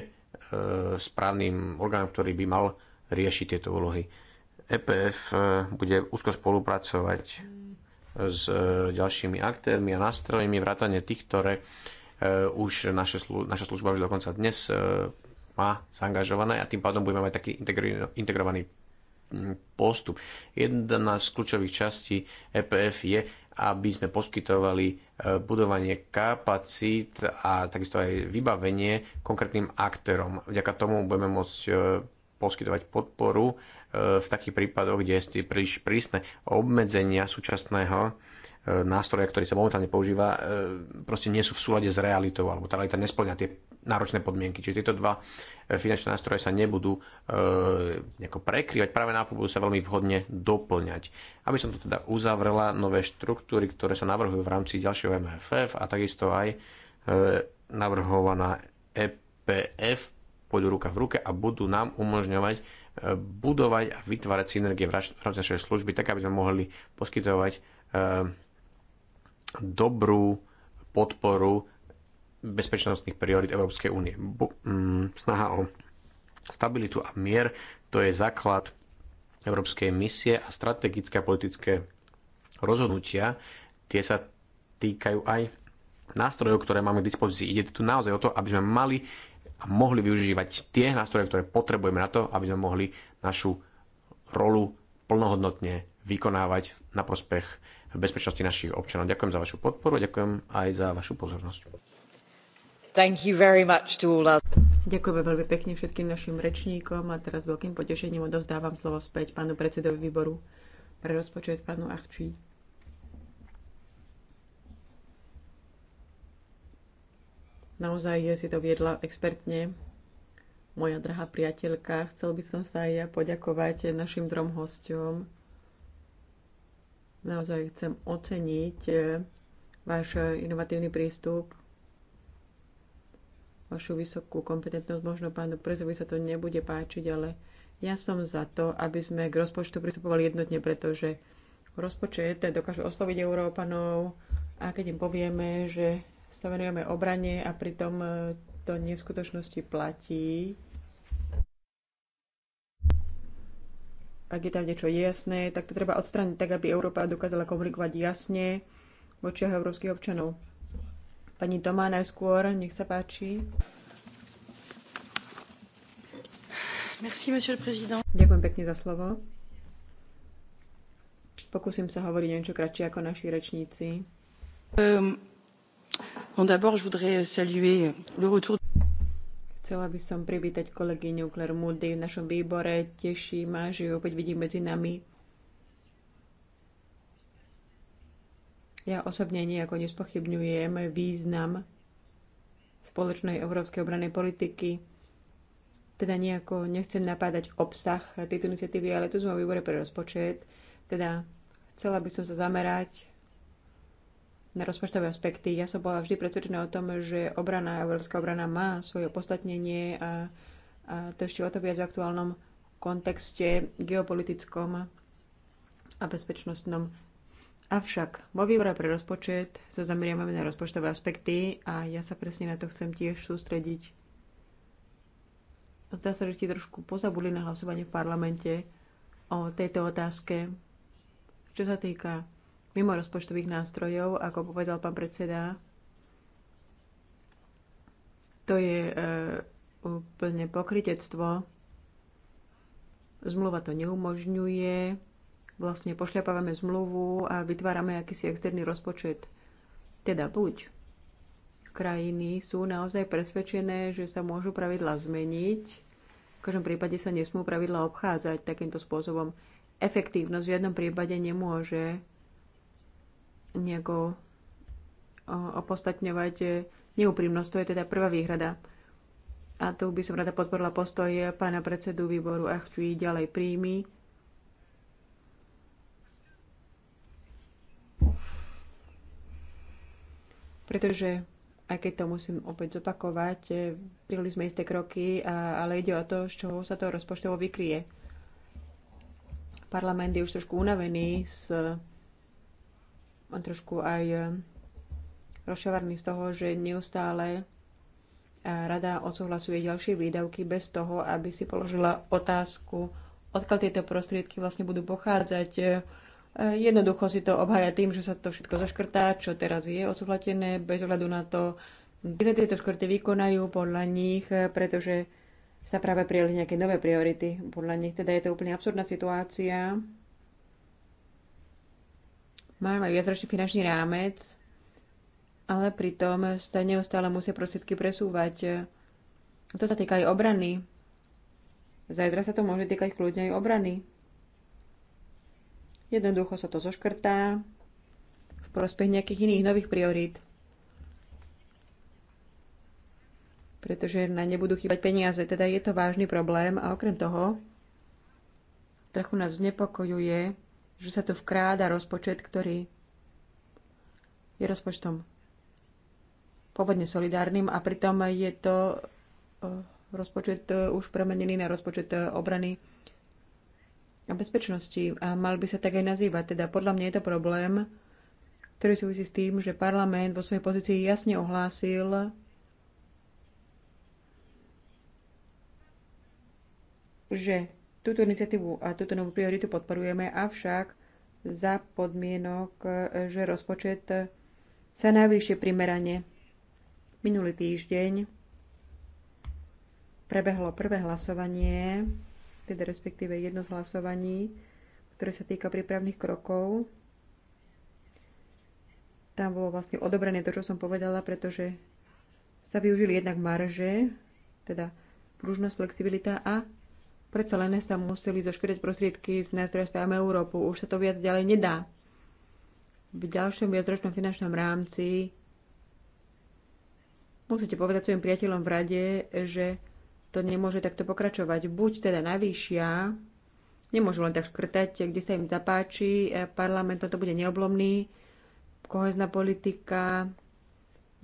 [SPEAKER 2] E, správnym orgánom, ktorý by mal riešiť tieto úlohy. EPF e, bude úzko spolupracovať s e, ďalšími aktérmi a nástrojmi, vrátane tých, ktoré už naše, naša služba už dokonca dnes má zaangažované a tým pádom budeme mať taký integrovaný postup. Jedna z kľúčových častí EPF je aby sme poskytovali e, budovanie kapacít a takisto aj vybavenie konkrétnym aktérom. Vďaka tomu budeme môcť e, poskytovať podporu e, v takých prípadoch, kde sú príliš prísne obmedzenia súčasného nástroja, ktorý sa momentálne používa, proste nie sú v súlade s realitou, alebo tá realita nesplňa tie náročné podmienky. Čiže tieto dva e, finančné nástroje sa nebudú e, prekryvať, práve naopak budú sa veľmi vhodne doplňať. Aby som to teda uzavrela, nové štruktúry, ktoré sa navrhujú v rámci ďalšieho MFF a takisto aj e, navrhovaná EPF pôjdu ruka v ruke a budú nám umožňovať e, budovať a vytvárať synergie v rámci našej služby, tak aby sme mohli poskytovať dobrú podporu bezpečnostných priorit Európskej únie. Mm, snaha o stabilitu a mier to je základ európskej misie a strategické a politické rozhodnutia, tie sa týkajú aj nástrojov, ktoré máme k dispozícii. Ide tu naozaj o to, aby sme mali a mohli využívať tie nástroje, ktoré potrebujeme na to, aby sme mohli našu rolu plnohodnotne vykonávať na prospech bezpečnosti našich občanov. Ďakujem za vašu podporu a ďakujem aj za vašu pozornosť.
[SPEAKER 1] Ďakujeme veľmi pekne všetkým našim rečníkom a teraz veľkým potešením odovzdávam slovo späť pánu predsedovi výboru pre rozpočet pánu Achčí. Naozaj si to viedla expertne moja drahá priateľka. Chcel by som sa aj ja poďakovať našim drom hosťom. Naozaj chcem oceniť eh, váš inovatívny prístup vašu vysokú kompetentnosť. Možno pánu Prezovi sa to nebude páčiť, ale ja som za to, aby sme k rozpočtu pristupovali jednotne, pretože rozpočet dokáže osloviť Európanov a keď im povieme, že sa venujeme obrane a pritom e, to nie v skutočnosti platí, ak je tam niečo jasné, tak to treba odstrániť tak, aby Európa dokázala komunikovať jasne v očiach európskych občanov. Pani Doma najskôr, nech sa páči. Merci, monsieur le président. Ďakujem pekne za slovo. Pokúsim sa hovoriť niečo kratšie ako naši rečníci. Um, bon, d'abord, je voudrais saluer le retour Chcela by som privítať kolegyňu Claire Moody v našom výbore. Teší ma, že ju opäť vidím medzi nami. Ja osobne nejako nespochybňujem význam spoločnej európskej obranej politiky. Teda nejako nechcem napádať obsah tejto iniciatívy, ale tu sme o výbore pre rozpočet. Teda chcela by som sa zamerať na rozpočtové aspekty. Ja som bola vždy predsvedčená o tom, že obrana, európska obrana má svoje opodstatnenie a, a to ešte o to viac v aktuálnom kontexte geopolitickom a bezpečnostnom. Avšak vo výbore pre rozpočet sa zameriavame na rozpočtové aspekty a ja sa presne na to chcem tiež sústrediť. Zdá sa, že ste trošku pozabudli na hlasovanie v parlamente o tejto otázke. Čo sa týka mimo rozpočtových nástrojov, ako povedal pán predseda, to je e, úplne pokritectvo. Zmluva to neumožňuje vlastne pošľapávame zmluvu a vytvárame akýsi externý rozpočet. Teda buď krajiny sú naozaj presvedčené, že sa môžu pravidlá zmeniť, v každom prípade sa nesmú pravidla obchádzať takýmto spôsobom. Efektívnosť v žiadnom prípade nemôže nejako opostatňovať e, neúprimnosť. To je teda prvá výhrada. A tu by som rada podporila postoje pána predsedu výboru ak chcú ďalej príjmy pretože aj keď to musím opäť zopakovať, e, prihli sme isté kroky, ale ide o to, z čoho sa to rozpočtovo vykrie. Parlament je už trošku unavený z trošku aj e, rozšavarný z toho, že neustále e, rada odsúhlasuje ďalšie výdavky bez toho, aby si položila otázku, odkiaľ tieto prostriedky vlastne budú pochádzať, Eh, jednoducho si to obhája tým, že sa to všetko zaškrtá, čo teraz je odsúhlatené, bez ohľadu na to, kde sa tieto škrty vykonajú podľa nich, eh, pretože sa práve prijali nejaké nové priority. Podľa nich teda je to úplne absurdná situácia. Máme aj viacročný finančný rámec, ale pritom sa neustále musia prostriedky presúvať. To sa týka aj obrany. Zajtra sa to môže týkať kľudne aj obrany. Jednoducho sa to zoškrtá v prospech nejakých iných nových priorít. Pretože na ne budú chýbať peniaze. Teda je to vážny problém a okrem toho trochu nás znepokojuje, že sa tu vkráda rozpočet, ktorý je rozpočtom pôvodne solidárnym a pritom je to eh, rozpočet eh, už premenený na rozpočet eh, obrany a bezpečnosti a mal by sa tak aj nazývať. Teda podľa mňa je to problém, ktorý súvisí s tým, že parlament vo svojej pozícii jasne ohlásil, že túto iniciatívu a túto novú prioritu podporujeme, avšak za podmienok, že rozpočet sa najvyššie primerane. Minulý týždeň prebehlo prvé hlasovanie teda respektíve jedno z hlasovaní, ktoré sa týka prípravných krokov. Tam bolo vlastne odobrené to, čo som povedala, pretože sa využili jednak marže, teda pružnosť, flexibilita a predsa len sa museli zaškodať prostriedky z nástroja Spávame Európu. Už sa to viac ďalej nedá. V ďalšom viacročnom finančnom rámci musíte povedať svojim priateľom v rade, že to nemôže takto pokračovať. Buď teda navýšia, nemôžu len tak škrtať, kde sa im zapáči, e, parlament to bude neoblomný, kohezná politika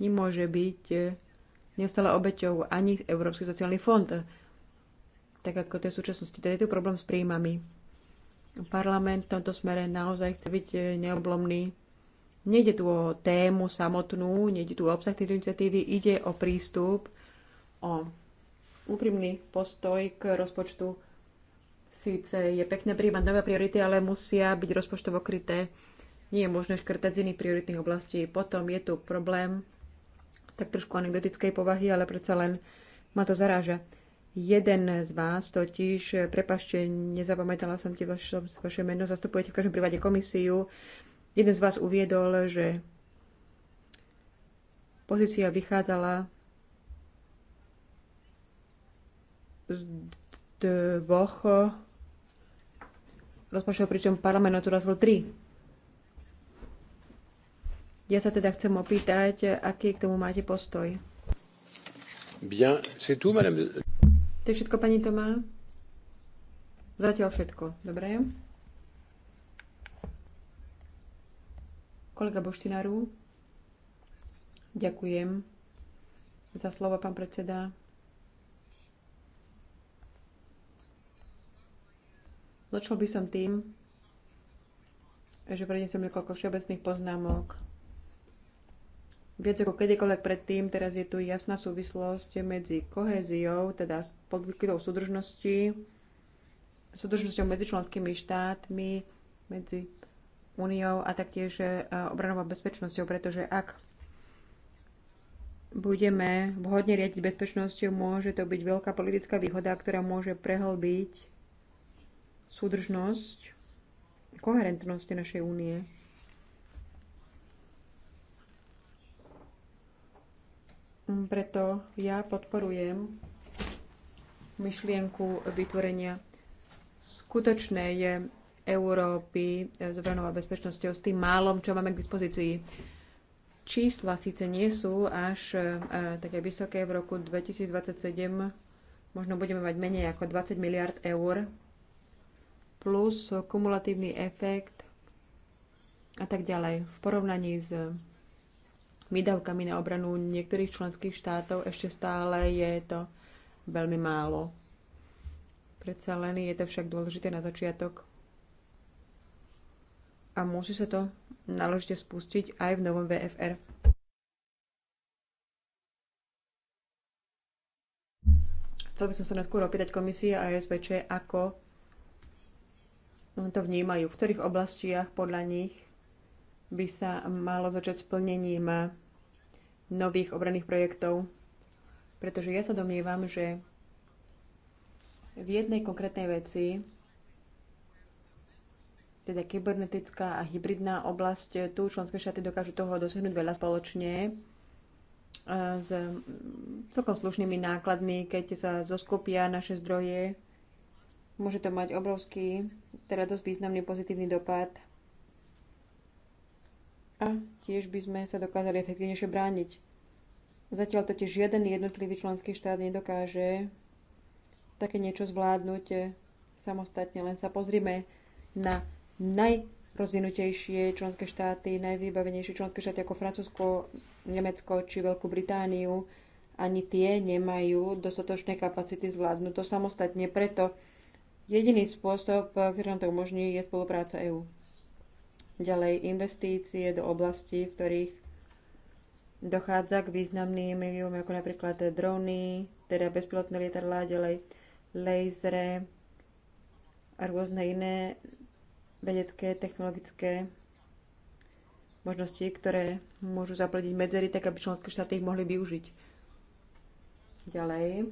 [SPEAKER 1] nemôže byť e, neustále obeťou ani Európsky sociálny fond, tak ako to je v súčasnosti. Teda je tu problém s príjmami. Parlament v tomto smere naozaj chce byť e, neoblomný. Nejde tu o tému samotnú, nejde tu o obsah tejto iniciatívy, ide o prístup, o úprimný postoj k rozpočtu. Síce je pekné príjmať nové priority, ale musia byť rozpočtovo kryté. Nie je možné škrtať z iných prioritných oblastí. Potom je tu problém tak trošku anekdotickej povahy, ale predsa len ma to zaráža. Jeden z vás totiž, prepašte, nezapamätala som ti vaš, vaše meno, zastupujete v každom prípade komisiu. Jeden z vás uviedol, že pozícia vychádzala z dvoch rozpočtov, pričom parlament raz bol tri. Ja sa teda chcem opýtať, aký k tomu máte postoj. Bien, c'est tout, madame. To je všetko, pani Tomá? Zatiaľ všetko, dobre? Kolega Boštinaru, ďakujem za slovo, pán predseda. Začal by som tým, že prednesem niekoľko všeobecných poznámok. Viac ako kedykoľvek predtým, teraz je tu jasná súvislosť medzi kohéziou, teda politikou súdržnosti, súdržnosťou medzi členskými štátmi, medzi úniou a taktiež e, obranou a bezpečnosťou, pretože ak budeme vhodne riadiť bezpečnosťou, môže to byť veľká politická výhoda, ktorá môže prehlbiť súdržnosť, koherentnosť našej únie. Preto ja podporujem myšlienku vytvorenia skutočnej Európy s eh, obranou a bezpečnosťou, s tým málom, čo máme k dispozícii. Čísla síce nie sú až eh, eh, také vysoké v roku 2027, možno budeme mať menej ako 20 miliard eur plus kumulatívny efekt a tak ďalej. V porovnaní s výdavkami na obranu niektorých členských štátov ešte stále je to veľmi málo. Predsa len je to však dôležité na začiatok a musí sa to naložite spustiť aj v novom VFR. Chcel by som sa neskôr opýtať komisie a SVČ, ako to vnímajú, v ktorých oblastiach podľa nich by sa malo začať splnením nových obranných projektov. Pretože ja sa domnievam, že v jednej konkrétnej veci, teda kybernetická a hybridná oblasť, tu členské štáty dokážu toho dosiahnuť veľa spoločne e, s mm, celkom slušnými nákladmi, keď sa zoskopia naše zdroje Môže to mať obrovský, teda dosť významný pozitívny dopad. A tiež by sme sa dokázali efektívnejšie brániť. Zatiaľ totiž žiaden jednotlivý členský štát nedokáže také niečo zvládnuť e, samostatne. Len sa pozrime na najrozvinutejšie členské štáty, najvýbavenejšie členské štáty ako Francúzsko, Nemecko či Veľkú Britániu. Ani tie nemajú dostatočné kapacity zvládnuť to samostatne. Preto Jediný spôsob, ktorý nám to umožní, je spolupráca EÚ. Ďalej investície do oblastí, v ktorých dochádza k významným vývojom, ako napríklad drony, teda bezpilotné lietadlá, ďalej lasery a rôzne iné vedecké, technologické možnosti, ktoré môžu zaplniť medzery, tak aby členské štáty ich mohli využiť. Ďalej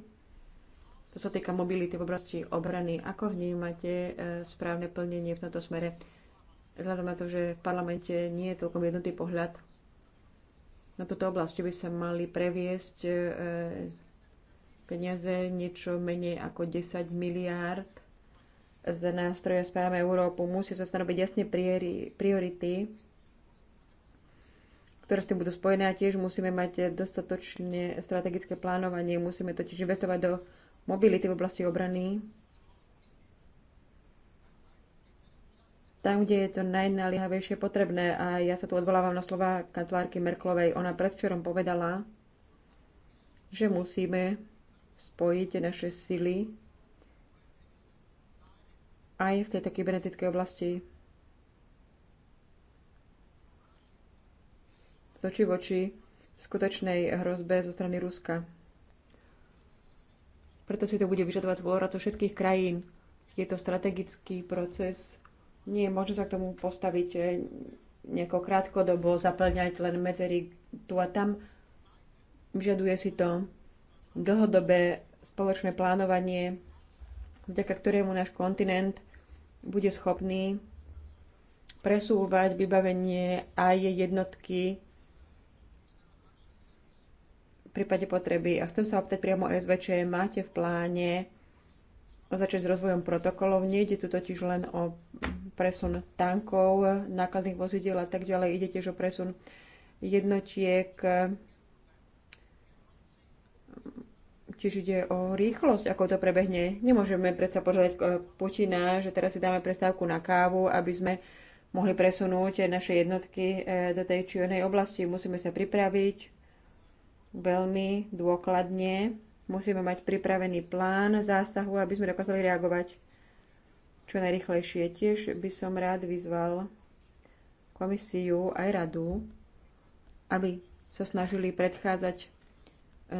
[SPEAKER 1] to sa týka mobility v oblasti obrany. Ako vnímate e, správne plnenie v tomto smere? Vzhľadom na to, že v parlamente nie je celkom jednotný pohľad na túto oblasť, by sa mali previesť e, peniaze niečo menej ako 10 miliárd z nástroja Spájame Európu. Musí sa stanoviť jasne priority, ktoré s tým budú spojené a tiež musíme mať e, dostatočne strategické plánovanie, musíme totiž investovať do mobility v oblasti obrany, tam, kde je to najnaliehavejšie potrebné. A ja sa tu odvolávam na slova kancelárky Merklovej. Ona predvčerom povedala, že musíme spojiť naše sily aj v tejto kybernetickej oblasti. Z oči v oči skutočnej hrozbe zo strany Ruska. Preto si to bude vyžadovať spoluprácu všetkých krajín. Je to strategický proces. Nie je možno sa k tomu postaviť eh, nejako krátkodobo, zaplňať len medzery tu a tam. Vyžaduje si to dlhodobé spoločné plánovanie, vďaka ktorému náš kontinent bude schopný presúvať vybavenie aj jednotky v prípade potreby. A chcem sa opýtať priamo SVČ, máte v pláne začať s rozvojom protokolov? ide tu totiž len o presun tankov, nákladných vozidiel a tak ďalej. Ide tiež o presun jednotiek. Tiež ide o rýchlosť, ako to prebehne. Nemôžeme predsa požiadať eh, Putina, že teraz si dáme prestávku na kávu, aby sme mohli presunúť naše jednotky eh, do tej či onej oblasti. Musíme sa pripraviť veľmi dôkladne. Musíme mať pripravený plán zásahu, aby sme dokázali reagovať čo najrychlejšie. Tiež by som rád vyzval komisiu aj radu, aby sa snažili predchádzať e,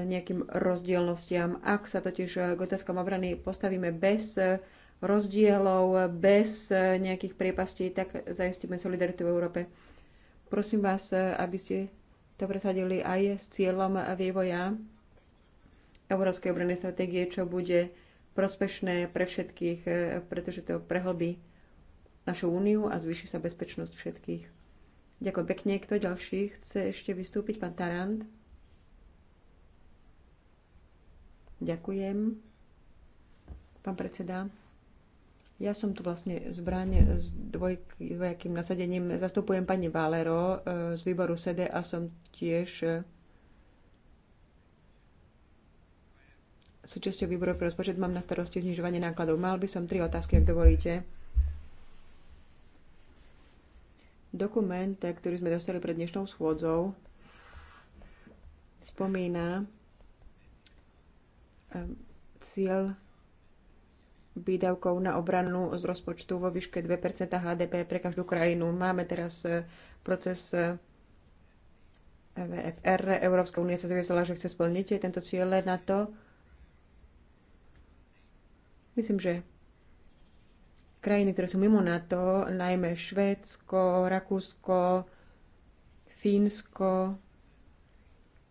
[SPEAKER 1] nejakým rozdielnostiam. Ak sa totiž k otázkom obrany postavíme bez rozdielov, bez nejakých priepastí, tak zajistíme solidaritu v Európe. Prosím vás, aby ste to presadili aj s cieľom vývoja Európskej obrannej stratégie, čo bude prospešné pre všetkých, eh, pretože to prehlbí našu úniu a zvýši sa bezpečnosť všetkých. Ďakujem pekne. Kto ďalší chce ešte vystúpiť? Pán Tarant. Ďakujem. Pán predseda. Ja som tu vlastne zbraň s dvoj, dvojakým nasadením. Zastupujem pani Valero eh, z výboru SEDE a som tiež eh, súčasťou výboru pre rozpočet. Mám na starosti znižovanie nákladov. Mal by som tri otázky, ak dovolíte. Dokument, eh, ktorý sme dostali pred dnešnou schôdzou, spomína cieľ výdavkov na obranu z rozpočtu vo výške 2 HDP pre každú krajinu. Máme teraz e, proces EVFR. E Európska únia sa zaviazala, že chce splniť tento cieľ na to. Myslím, že krajiny, ktoré sú mimo NATO, najmä Švédsko, Rakúsko, Fínsko,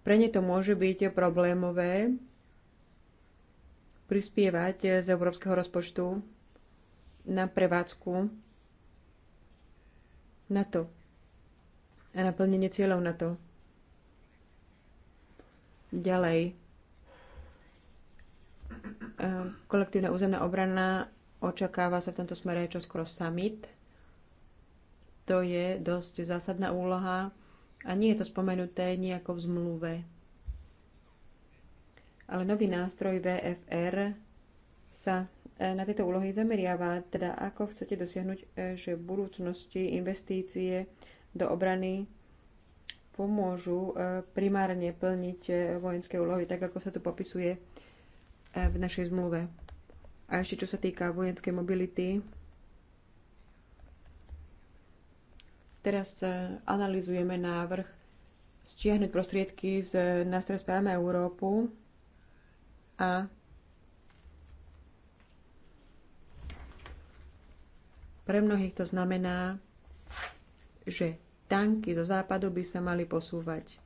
[SPEAKER 1] pre ne to môže byť problémové, prispievať eh, z európskeho rozpočtu na prevádzku na to a naplnenie cieľov na to. Ďalej. Eh, kolektívna územná obrana očakáva sa v tomto smere čo skoro summit. To je dosť zásadná úloha a nie je to spomenuté nejako v zmluve ale nový nástroj VFR sa e, na tieto úlohy zameriava, teda ako chcete dosiahnuť, e, že v budúcnosti investície do obrany pomôžu e, primárne plniť vojenské úlohy, tak ako sa tu popisuje v našej zmluve. A ešte čo sa týka vojenskej mobility, teraz analizujeme návrh stiahnuť prostriedky z nástrojstva Európu a pre mnohých to znamená, že tanky zo západu by sa mali posúvať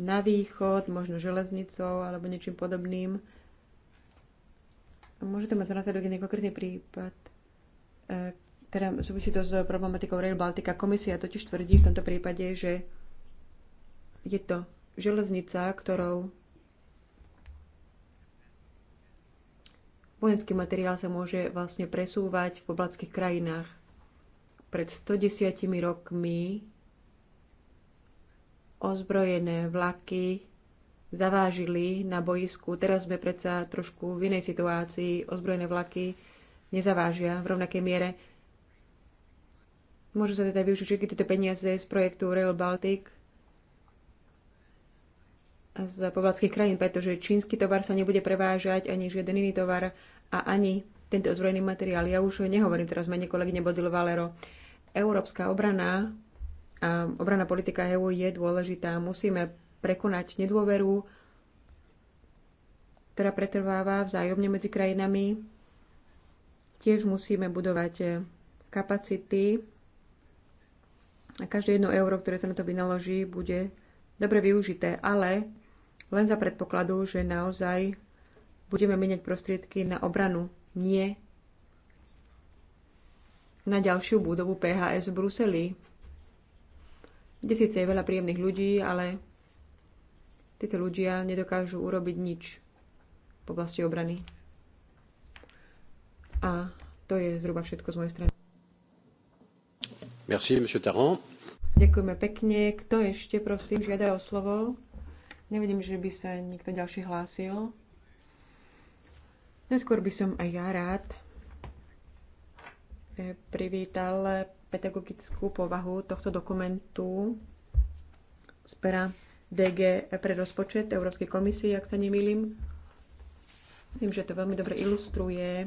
[SPEAKER 1] na východ, možno železnicou alebo niečím podobným. Môže to mať za následok jeden konkrétny prípad, e, teda súvisí to s problematikou Rail Baltica. Komisia totiž tvrdí v tomto prípade, že je to železnica, ktorou Vojenský materiál sa môže vlastne presúvať v oblackých krajinách. Pred 110 rokmi ozbrojené vlaky zavážili na boisku. Teraz sme predsa trošku v inej situácii. Ozbrojené vlaky nezavážia v rovnakej miere. Môžu sa teda využiť všetky tieto peniaze z projektu Rail Baltic – z povladských krajín, pretože čínsky tovar sa nebude prevážať ani žiaden iný tovar a ani tento ozbrojený materiál. Ja už nehovorím teraz mene kolegyne Bodil Valero. Európska obrana a obrana politika EU je dôležitá. Musíme prekonať nedôveru, ktorá pretrváva vzájomne medzi krajinami. Tiež musíme budovať kapacity a každé jedno euro, ktoré sa na to vynaloží, bude dobre využité, ale len za predpokladu, že naozaj budeme meniať prostriedky na obranu, nie na ďalšiu budovu PHS v Bruseli, kde síce je veľa príjemných ľudí, ale títo ľudia nedokážu urobiť nič v oblasti obrany. A to je zhruba všetko z mojej strany. Merci, monsieur Ďakujeme pekne. Kto ešte, prosím, žiada o slovo? Nevidím, že by sa niekto ďalší hlásil. Neskôr by som aj ja rád eh, privítal eh, pedagogickú povahu tohto dokumentu z pera DG pre rozpočet Európskej komisie, ak sa nemýlim. Myslím, že to veľmi dobre ilustruje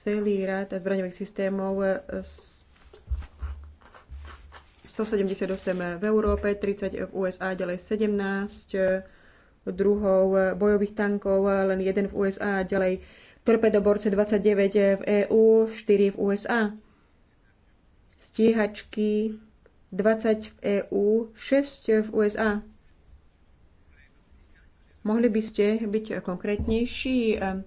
[SPEAKER 1] celý rád zbraňových systémov eh, s 178 v Európe, 30 v USA, ďalej 17 druhov bojových tankov, len jeden v USA, ďalej torpedoborce 29 v EÚ, 4 v USA. Stíhačky 20 v EÚ, 6 v USA. Mohli by ste byť konkrétnejší? Ehm,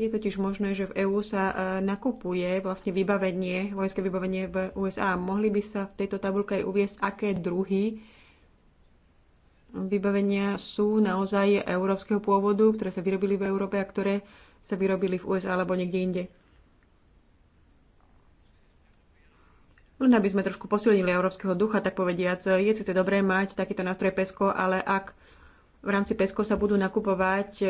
[SPEAKER 1] je totiž možné, že v EÚ sa e, nakupuje vlastne vybavenie, vojenské vybavenie v USA. Mohli by sa v tejto tabulke aj uviesť, aké druhy vybavenia sú naozaj európskeho pôvodu, ktoré sa vyrobili v Európe a ktoré sa vyrobili v USA alebo niekde inde. Len aby sme trošku posilnili európskeho ducha, tak povediac, je síce dobré mať takýto nástroj PESCO, ale ak v rámci PESCO sa budú nakupovať e,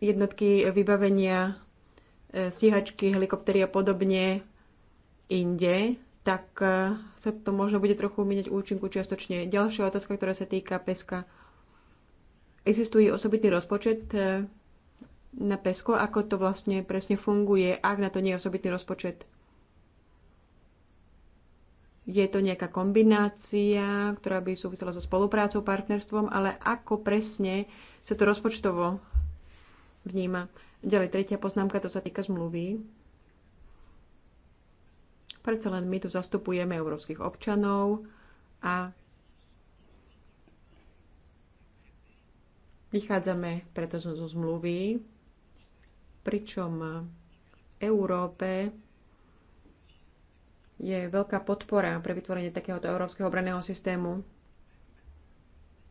[SPEAKER 1] jednotky vybavenia, e, stíhačky, helikoptery a podobne inde, tak e, sa to možno bude trochu míňať účinku čiastočne. Ďalšia otázka, ktorá sa týka peska. Existuje osobitný rozpočet e, na pesko? Ako to vlastne presne funguje, ak na to nie je osobitný rozpočet? Je to nejaká kombinácia, ktorá by súvisela so spoluprácou, partnerstvom, ale ako presne sa to rozpočtovo vníma. Ďalej tretia poznámka, to sa týka zmluvy. Prečo len my tu zastupujeme európskych občanov a vychádzame preto zo zmluvy, pričom v Európe je veľká podpora pre vytvorenie takéhoto európskeho obraného systému.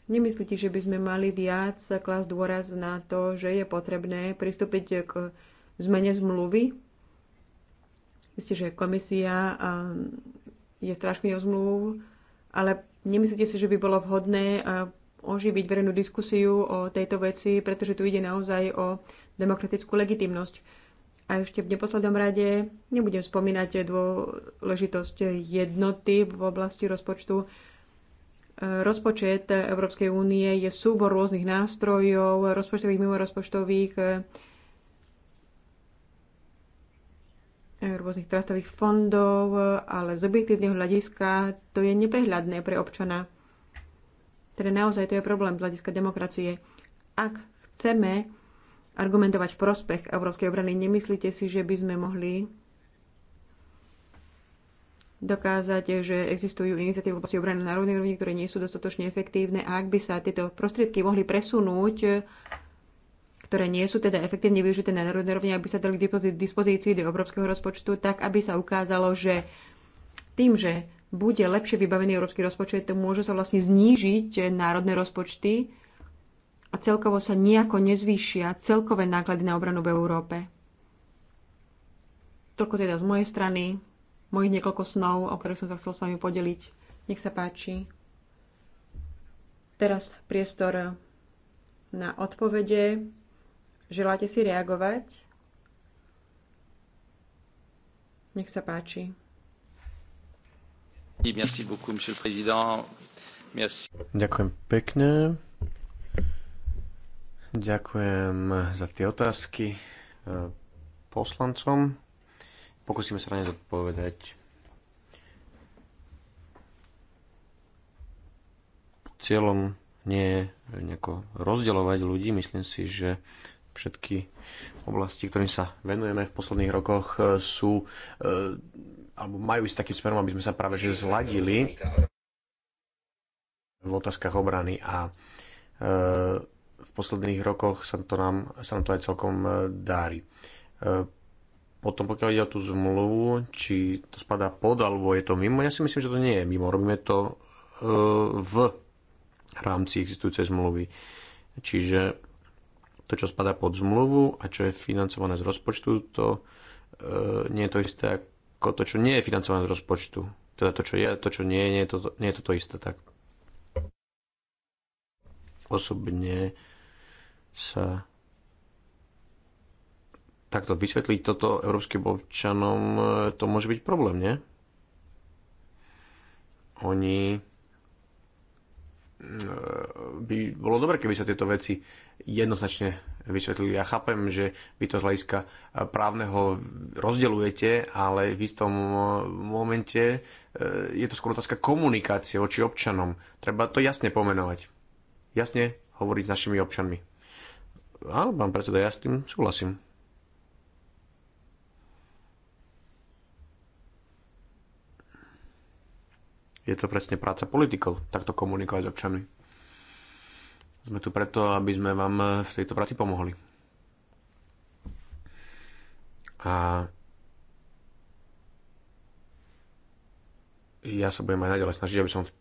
[SPEAKER 1] Nemyslíte, že by sme mali viac klásť dôraz na to, že je potrebné pristúpiť k zmene zmluvy? Myslíte, že komisia um, je strašný zmluv, ale nemyslíte si, že by bolo vhodné uh, oživiť verejnú diskusiu o tejto veci, pretože tu ide naozaj o demokratickú legitimnosť. A ešte v neposlednom rade nebudem spomínať dôležitosť jednoty v oblasti rozpočtu, Rozpočet Európskej únie je súbor rôznych nástrojov, rozpočtových, mimorozpočtových, rôznych trastových fondov, ale z objektívneho hľadiska to je neprehľadné pre občana. Teda naozaj to je problém z hľadiska demokracie. Ak chceme argumentovať v prospech európskej obrany, nemyslíte si, že by sme mohli dokázať, že existujú iniciatívy v oblasti obrany národnej úrovni, ktoré nie sú dostatočne efektívne a ak by sa tieto prostriedky mohli presunúť, ktoré nie sú teda efektívne využité na národnej úrovni, aby sa dali k dispozícii do európskeho rozpočtu, tak aby sa ukázalo, že tým, že bude lepšie vybavený európsky rozpočet, môžu sa vlastne znížiť národné rozpočty a celkovo sa nejako nezvýšia celkové náklady na obranu v Európe. Toľko teda z mojej strany mojich niekoľko snov, o ktorých som sa chcel s vami podeliť. Nech sa páči. Teraz priestor na odpovede. Želáte si reagovať? Nech sa páči.
[SPEAKER 3] Merci beaucoup, monsieur le président.
[SPEAKER 2] Merci. Ďakujem pekne. Ďakujem za tie otázky eh, poslancom. Pokúsime sa na ne zodpovedať. Cieľom nie je nejako rozdeľovať ľudí. Myslím si, že všetky oblasti, ktorým sa venujeme v posledných rokoch, e, sú e, alebo majú ísť takým smerom, aby sme sa práve že zladili v otázkach obrany a e, v posledných rokoch sa, to nám, sa nám to aj celkom dári. Potom pokiaľ ide o tú zmluvu, či to spadá pod, alebo je to mimo, ja si myslím, že to nie je mimo. Robíme to e, v rámci existujúcej zmluvy. Čiže to, čo spadá pod zmluvu a čo je financované z rozpočtu, to e, nie je to isté ako to, čo nie je financované z rozpočtu. Teda to, čo je, to, čo nie nie je to, nie je to, to isté. Tak. Osobne sa takto vysvetliť toto európskym občanom, e, to môže byť problém, nie? Oni e, by bolo dobre, keby sa tieto veci jednoznačne vysvetlili. Ja chápem, že vy to z hľadiska e, právneho rozdelujete, ale v istom momente je to skôr otázka komunikácie voči občanom. Treba to jasne pomenovať. Jasne hovoriť s našimi občanmi. Áno, pán predseda, ja s tým súhlasím. je to presne práca politikov, takto komunikovať s občanmi. Sme tu preto, aby sme vám eh, v tejto práci pomohli. A ja sa budem aj naďalej snažiť, aby som v, eh,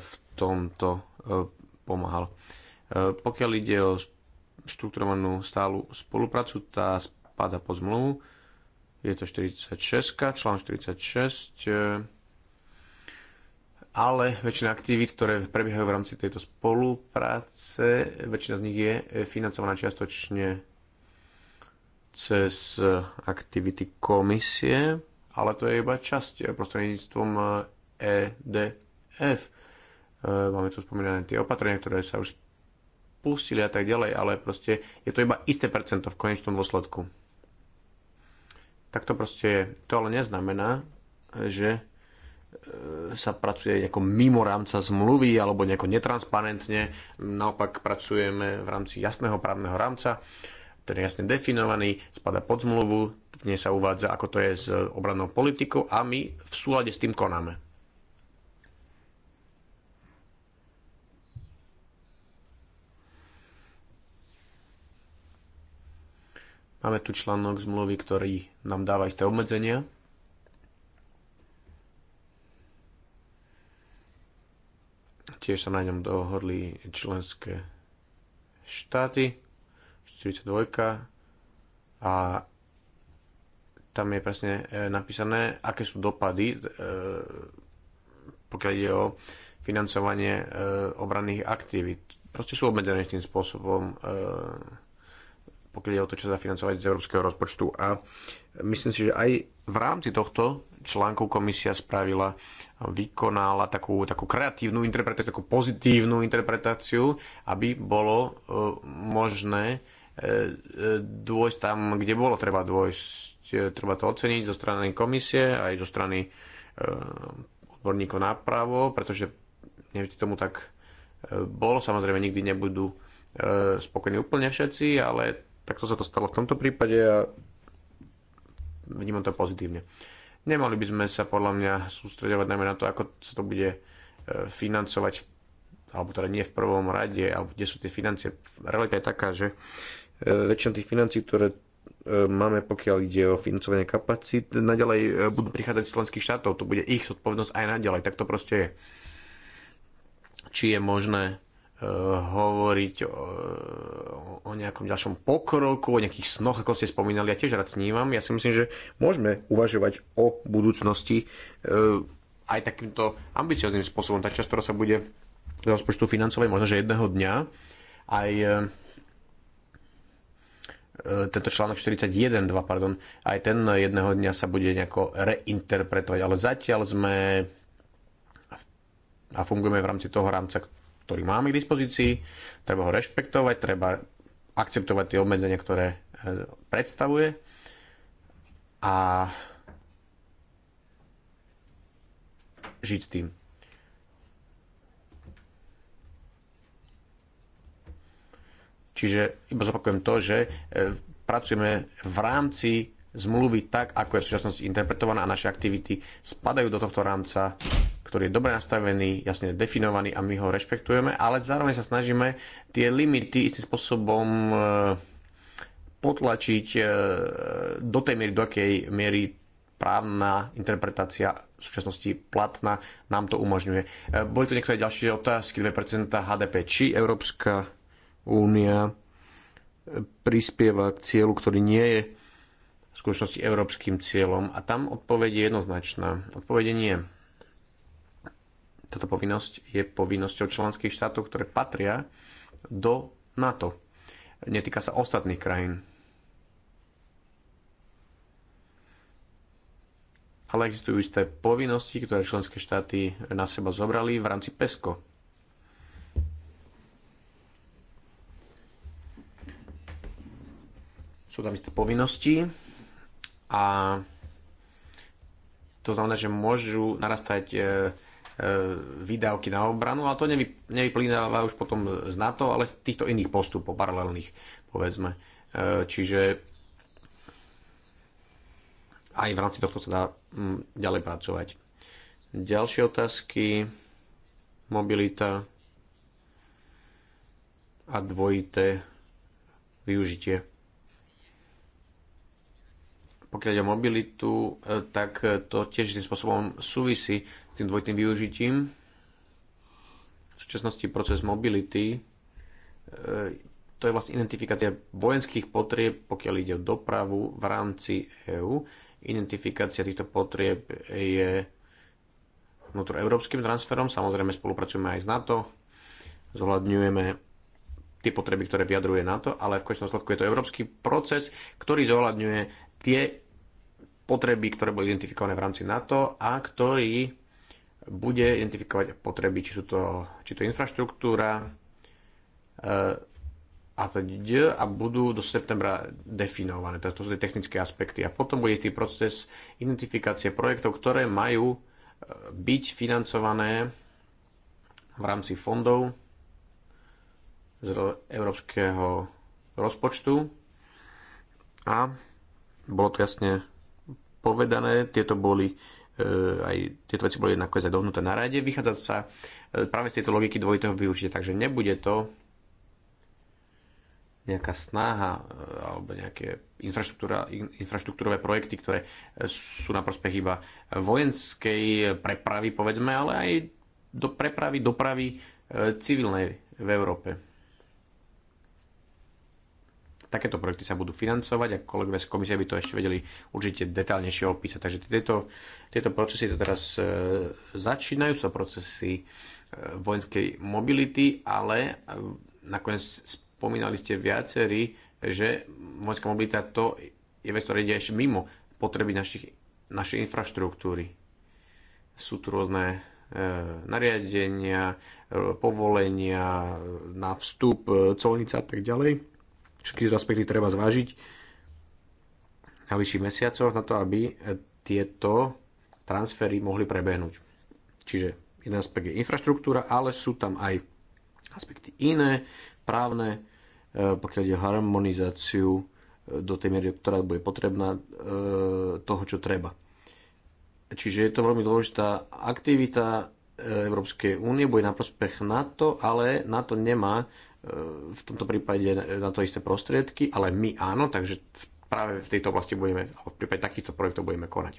[SPEAKER 2] v tomto eh, pomáhal. Pokiaľ ide o štrukturovanú stálu spoluprácu, tá spada pod zmluvu. Je to 46, člán 46 ale väčšina aktivít, ktoré prebiehajú v rámci tejto spolupráce, väčšina z nich je e, financovaná čiastočne cez e, aktivity komisie, ale to je iba časť e, prostredníctvom EDF. Máme tu spomínané tie opatrenia, ktoré sa už spustili a tak ďalej, ale proste je to iba isté percento v konečnom dôsledku. Tak to proste je. To ale neznamená, že sa pracuje nejako mimo rámca zmluvy alebo nejako netransparentne. Naopak pracujeme v rámci jasného právneho rámca, ktorý je jasne definovaný, spada pod zmluvu, v nej sa uvádza, ako to je s obrannou politikou a my v súlade s tým konáme. Máme tu článok zmluvy, ktorý nám dáva isté obmedzenia Tiež sa na ňom dohodli členské štáty, 42 a tam je presne e, napísané, aké sú dopady, e, pokiaľ ide o financovanie e, obranných aktivít. Proste sú obmedzené tým spôsobom, pokiaľ ide o to, čo sa financovať z európskeho rozpočtu. A myslím si, že aj v rámci tohto článkov komisia spravila, vykonala takú, takú kreatívnu interpretáciu, takú pozitívnu interpretáciu, aby bolo e, možné e, e, dôjsť tam, kde bolo treba dôjsť. Treba to oceniť zo strany komisie, aj zo strany odborníkov na právo, pretože nevždy tomu tak bolo. Samozrejme, nikdy nebudú spokojní úplne všetci, ale takto sa to stalo v tomto prípade a vnímam to pozitívne. Nemali by sme sa podľa mňa sústredovať najmä na to, ako sa to bude e, financovať, alebo teda nie v prvom rade, alebo kde sú tie financie. Realita je taká, že e, väčšina tých financí, ktoré e, máme, pokiaľ ide o financovanie kapacít, naďalej budú prichádzať z členských štátov. To bude ich zodpovednosť aj naďalej. Tak to proste je. Či je možné hovoriť o, o nejakom ďalšom pokroku, o nejakých snoch, ako ste spomínali, ja tiež rád snívam. Ja si myslím, že môžeme uvažovať o budúcnosti e, aj takýmto ambiciozným spôsobom. Tak často sa bude do rozpočtu financovať, možno, že jedného dňa aj e, e, tento článok 41.2, pardon, aj ten jedného dňa sa bude nejako reinterpretovať, ale zatiaľ sme a fungujeme v rámci toho rámca, ktorý máme k dispozícii, treba ho rešpektovať, treba akceptovať tie obmedzenia, ktoré e, predstavuje a žiť s tým. Čiže iba zopakujem to, že e, pracujeme v rámci zmluvy tak, ako je v súčasnosti interpretovaná a naše aktivity spadajú do tohto rámca ktorý je dobre nastavený, jasne definovaný a my ho rešpektujeme, ale zároveň sa snažíme tie limity istým spôsobom e, potlačiť e, do tej miery, do akej miery právna interpretácia v súčasnosti platná nám to umožňuje. E, boli tu niektoré ďalšie otázky, 2% HDP. Či Európska únia prispieva k cieľu, ktorý nie je v skutočnosti európskym cieľom? A tam odpoveď je jednoznačná. Odpovede nie. Táto povinnosť je povinnosťou členských štátov, ktoré patria do NATO. Netýka sa ostatných krajín. Ale existujú isté povinnosti, ktoré členské štáty na seba zobrali v rámci PESCO. Sú tam isté povinnosti a to znamená, že môžu narastať e, výdavky na obranu, ale to nevyplýva už potom z NATO, ale z týchto iných postupov paralelných, povedzme. E, čiže aj v rámci tohto sa dá mm, ďalej pracovať. Ďalšie otázky, mobilita a dvojité využitie pokiaľ ide o mobilitu, e, tak e, to tiež tým spôsobom súvisí s tým dvojitým využitím. V súčasnosti proces mobility e, to je vlastne identifikácia vojenských potrieb, pokiaľ ide o dopravu v rámci EÚ. Identifikácia týchto potrieb je vnútroeurópskym transferom. Samozrejme spolupracujeme aj s NATO, zohľadňujeme tie potreby, ktoré vyjadruje NATO, ale v končnom sledku je to európsky proces, ktorý zohľadňuje tie potreby, ktoré boli identifikované v rámci NATO a ktorý bude identifikovať potreby, či, sú to, či to infraštruktúra e, a teď a budú do septembra definované. To sú tie technické aspekty. A potom bude tý proces identifikácie projektov, ktoré majú e, byť financované v rámci fondov z európskeho rozpočtu a bolo to jasne povedané, tieto boli e, aj tieto veci boli nakoniec aj dohnuté na rade. Vychádza sa e, práve z tejto logiky dvojitého využitia, takže nebude to nejaká snaha e, alebo nejaké infraštruktúrové projekty, ktoré sú na prospech iba vojenskej prepravy, povedzme, ale aj do prepravy, dopravy civilnej v Európe takéto projekty sa budú financovať a kolegovia z komisie by to ešte vedeli určite detálnejšie opísať. Takže tieto, tieto procesy to teraz e, začínajú, sú procesy e, vojenskej mobility, ale e, nakoniec spomínali ste viacerí, že vojenská mobilita to je vec, ktorá ide ešte mimo potreby našich, našej infraštruktúry. Sú tu rôzne e, nariadenia, e, povolenia na vstup, e, colnica a tak ďalej všetky aspekty treba zvážiť na vyšších mesiacoch na to, aby tieto transfery mohli prebehnúť. Čiže jeden aspekt je infraštruktúra, ale sú tam aj aspekty iné, právne, e, pokiaľ ide harmonizáciu e, do tej miery, ktorá bude potrebná e, toho, čo treba. Čiže je to veľmi dôležitá aktivita Európskej únie, bude na prospech NATO, ale NATO nemá v tomto prípade na to isté prostriedky, ale my áno, takže práve v tejto oblasti budeme, v prípade takýchto projektov budeme konať.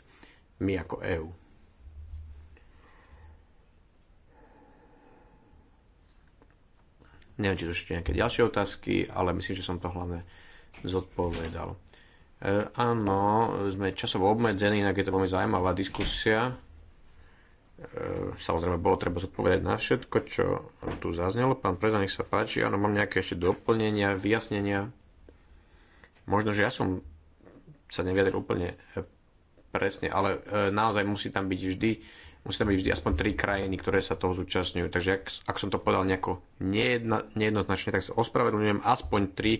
[SPEAKER 2] My ako EÚ. Neviem, či to ešte nejaké ďalšie otázky, ale myslím, že som to hlavne zodpovedal. E, áno, sme časovo obmedzení, inak je to veľmi zaujímavá diskusia E, samozrejme, bolo treba zodpovedať na všetko, čo tu zaznelo. Pán prezident, nech sa páči. Áno, mám nejaké ešte doplnenia, vyjasnenia. Možno, že ja som sa neviedel úplne e, presne, ale e, naozaj musí tam byť vždy musí tam byť vždy aspoň tri krajiny, ktoré sa toho zúčastňujú. Takže ak, ak som to povedal nejako nejedna, nejednoznačne, tak sa ospravedlňujem. Aspoň tri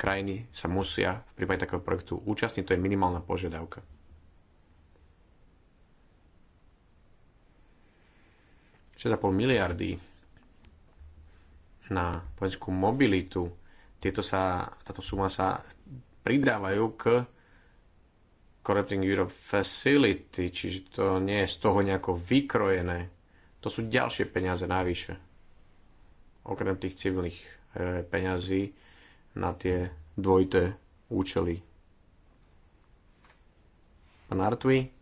[SPEAKER 2] krajiny sa musia v prípade takého projektu účastniť. To je minimálna požiadavka. 6,5 miliardy na poľskú mobilitu. Tieto sa, táto suma sa pridávajú k Corrupting Europe Facility, čiže to nie je z toho nejako vykrojené. To sú ďalšie peniaze navyše. Okrem tých civilných e, peňazí na tie dvojité účely. Pán Artwi,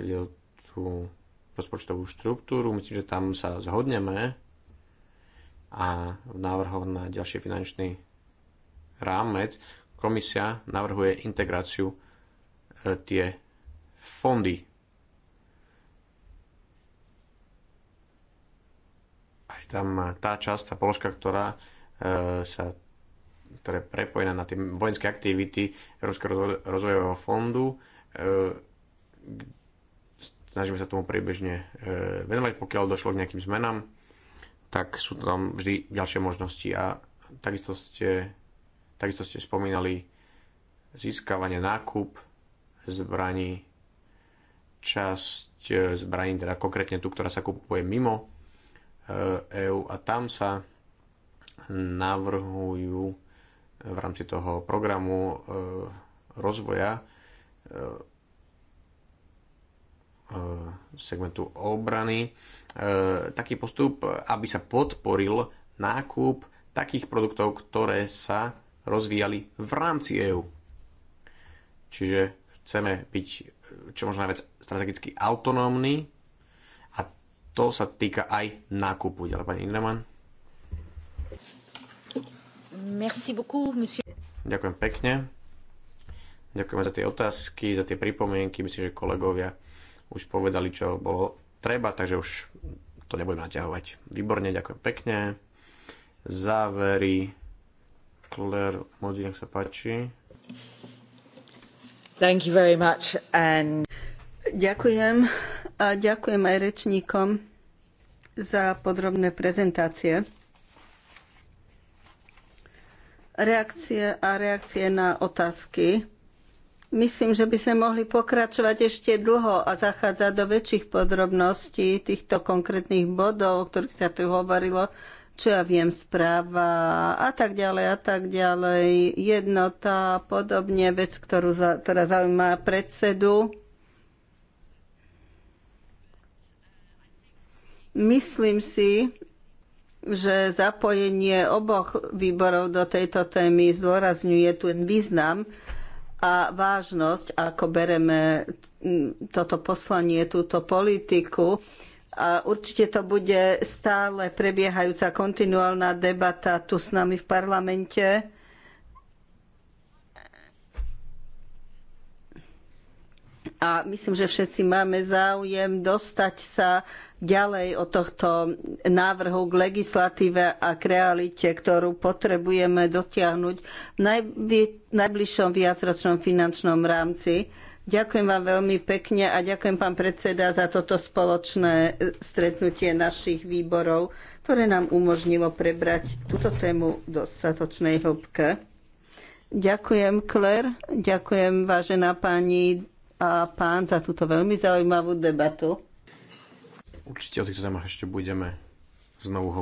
[SPEAKER 2] pokiaľ ide o tú rozpočtovú štruktúru, myslím, že tam sa zhodneme a v návrhoch na ďalší finančný rámec komisia navrhuje integráciu e, tie fondy. Aj tam tá časť, tá položka, ktorá e, sa ktoré je prepojené na tie vojenské aktivity Európskeho rozvojového fondu, e, snažíme sa tomu priebežne e, venovať. Pokiaľ došlo k nejakým zmenám, tak sú tam vždy ďalšie možnosti. A takisto ste, takisto ste spomínali získavanie nákup zbraní, časť e, zbraní, teda konkrétne tú, ktorá sa kupuje mimo EU e a tam sa navrhujú v rámci toho programu rozvoja Eh, segmentu obrany eh, taký postup, aby sa podporil nákup takých produktov, ktoré sa rozvíjali v rámci EÚ. Čiže chceme byť čo možno najviac strategicky autonómni a to sa týka aj nákupu. Ďalej, pani Ingraman. Merci beaucoup, monsieur. Ďakujem pekne. Ďakujem za tie otázky, za tie pripomienky. Myslím, že kolegovia už povedali, čo bolo treba, takže už to nebudem naťahovať. Výborne, ďakujem pekne. Závery. Claire Modi, nech sa páči.
[SPEAKER 3] Thank you very much and... Ďakujem a ďakujem aj rečníkom za podrobné prezentácie. Reakcie a reakcie na otázky. Myslím, že by sme mohli pokračovať ešte dlho a zachádzať do väčších podrobností týchto konkrétnych bodov, o ktorých sa tu hovorilo, čo ja viem, správa a tak ďalej a tak ďalej, jednota a podobne, vec, ktorú, ktorá zaujíma predsedu. Myslím si, že zapojenie oboch výborov do tejto témy zdôrazňuje ten význam, a vážnosť, ako bereme toto poslanie, túto politiku. A určite to bude stále prebiehajúca kontinuálna debata tu s nami v parlamente a myslím, že všetci máme záujem dostať sa ďalej od tohto návrhu k legislatíve a k realite, ktorú potrebujeme dotiahnuť v najbližšom viacročnom finančnom rámci. Ďakujem vám veľmi pekne a ďakujem pán predseda za toto spoločné e, stretnutie našich výborov, ktoré nám umožnilo prebrať túto tému v dostatočnej hĺbke. Ďakujem, Claire. Ďakujem, vážená pani a pán za túto veľmi zaujímavú debatu.
[SPEAKER 2] Určite o týchto témach ešte budeme znovu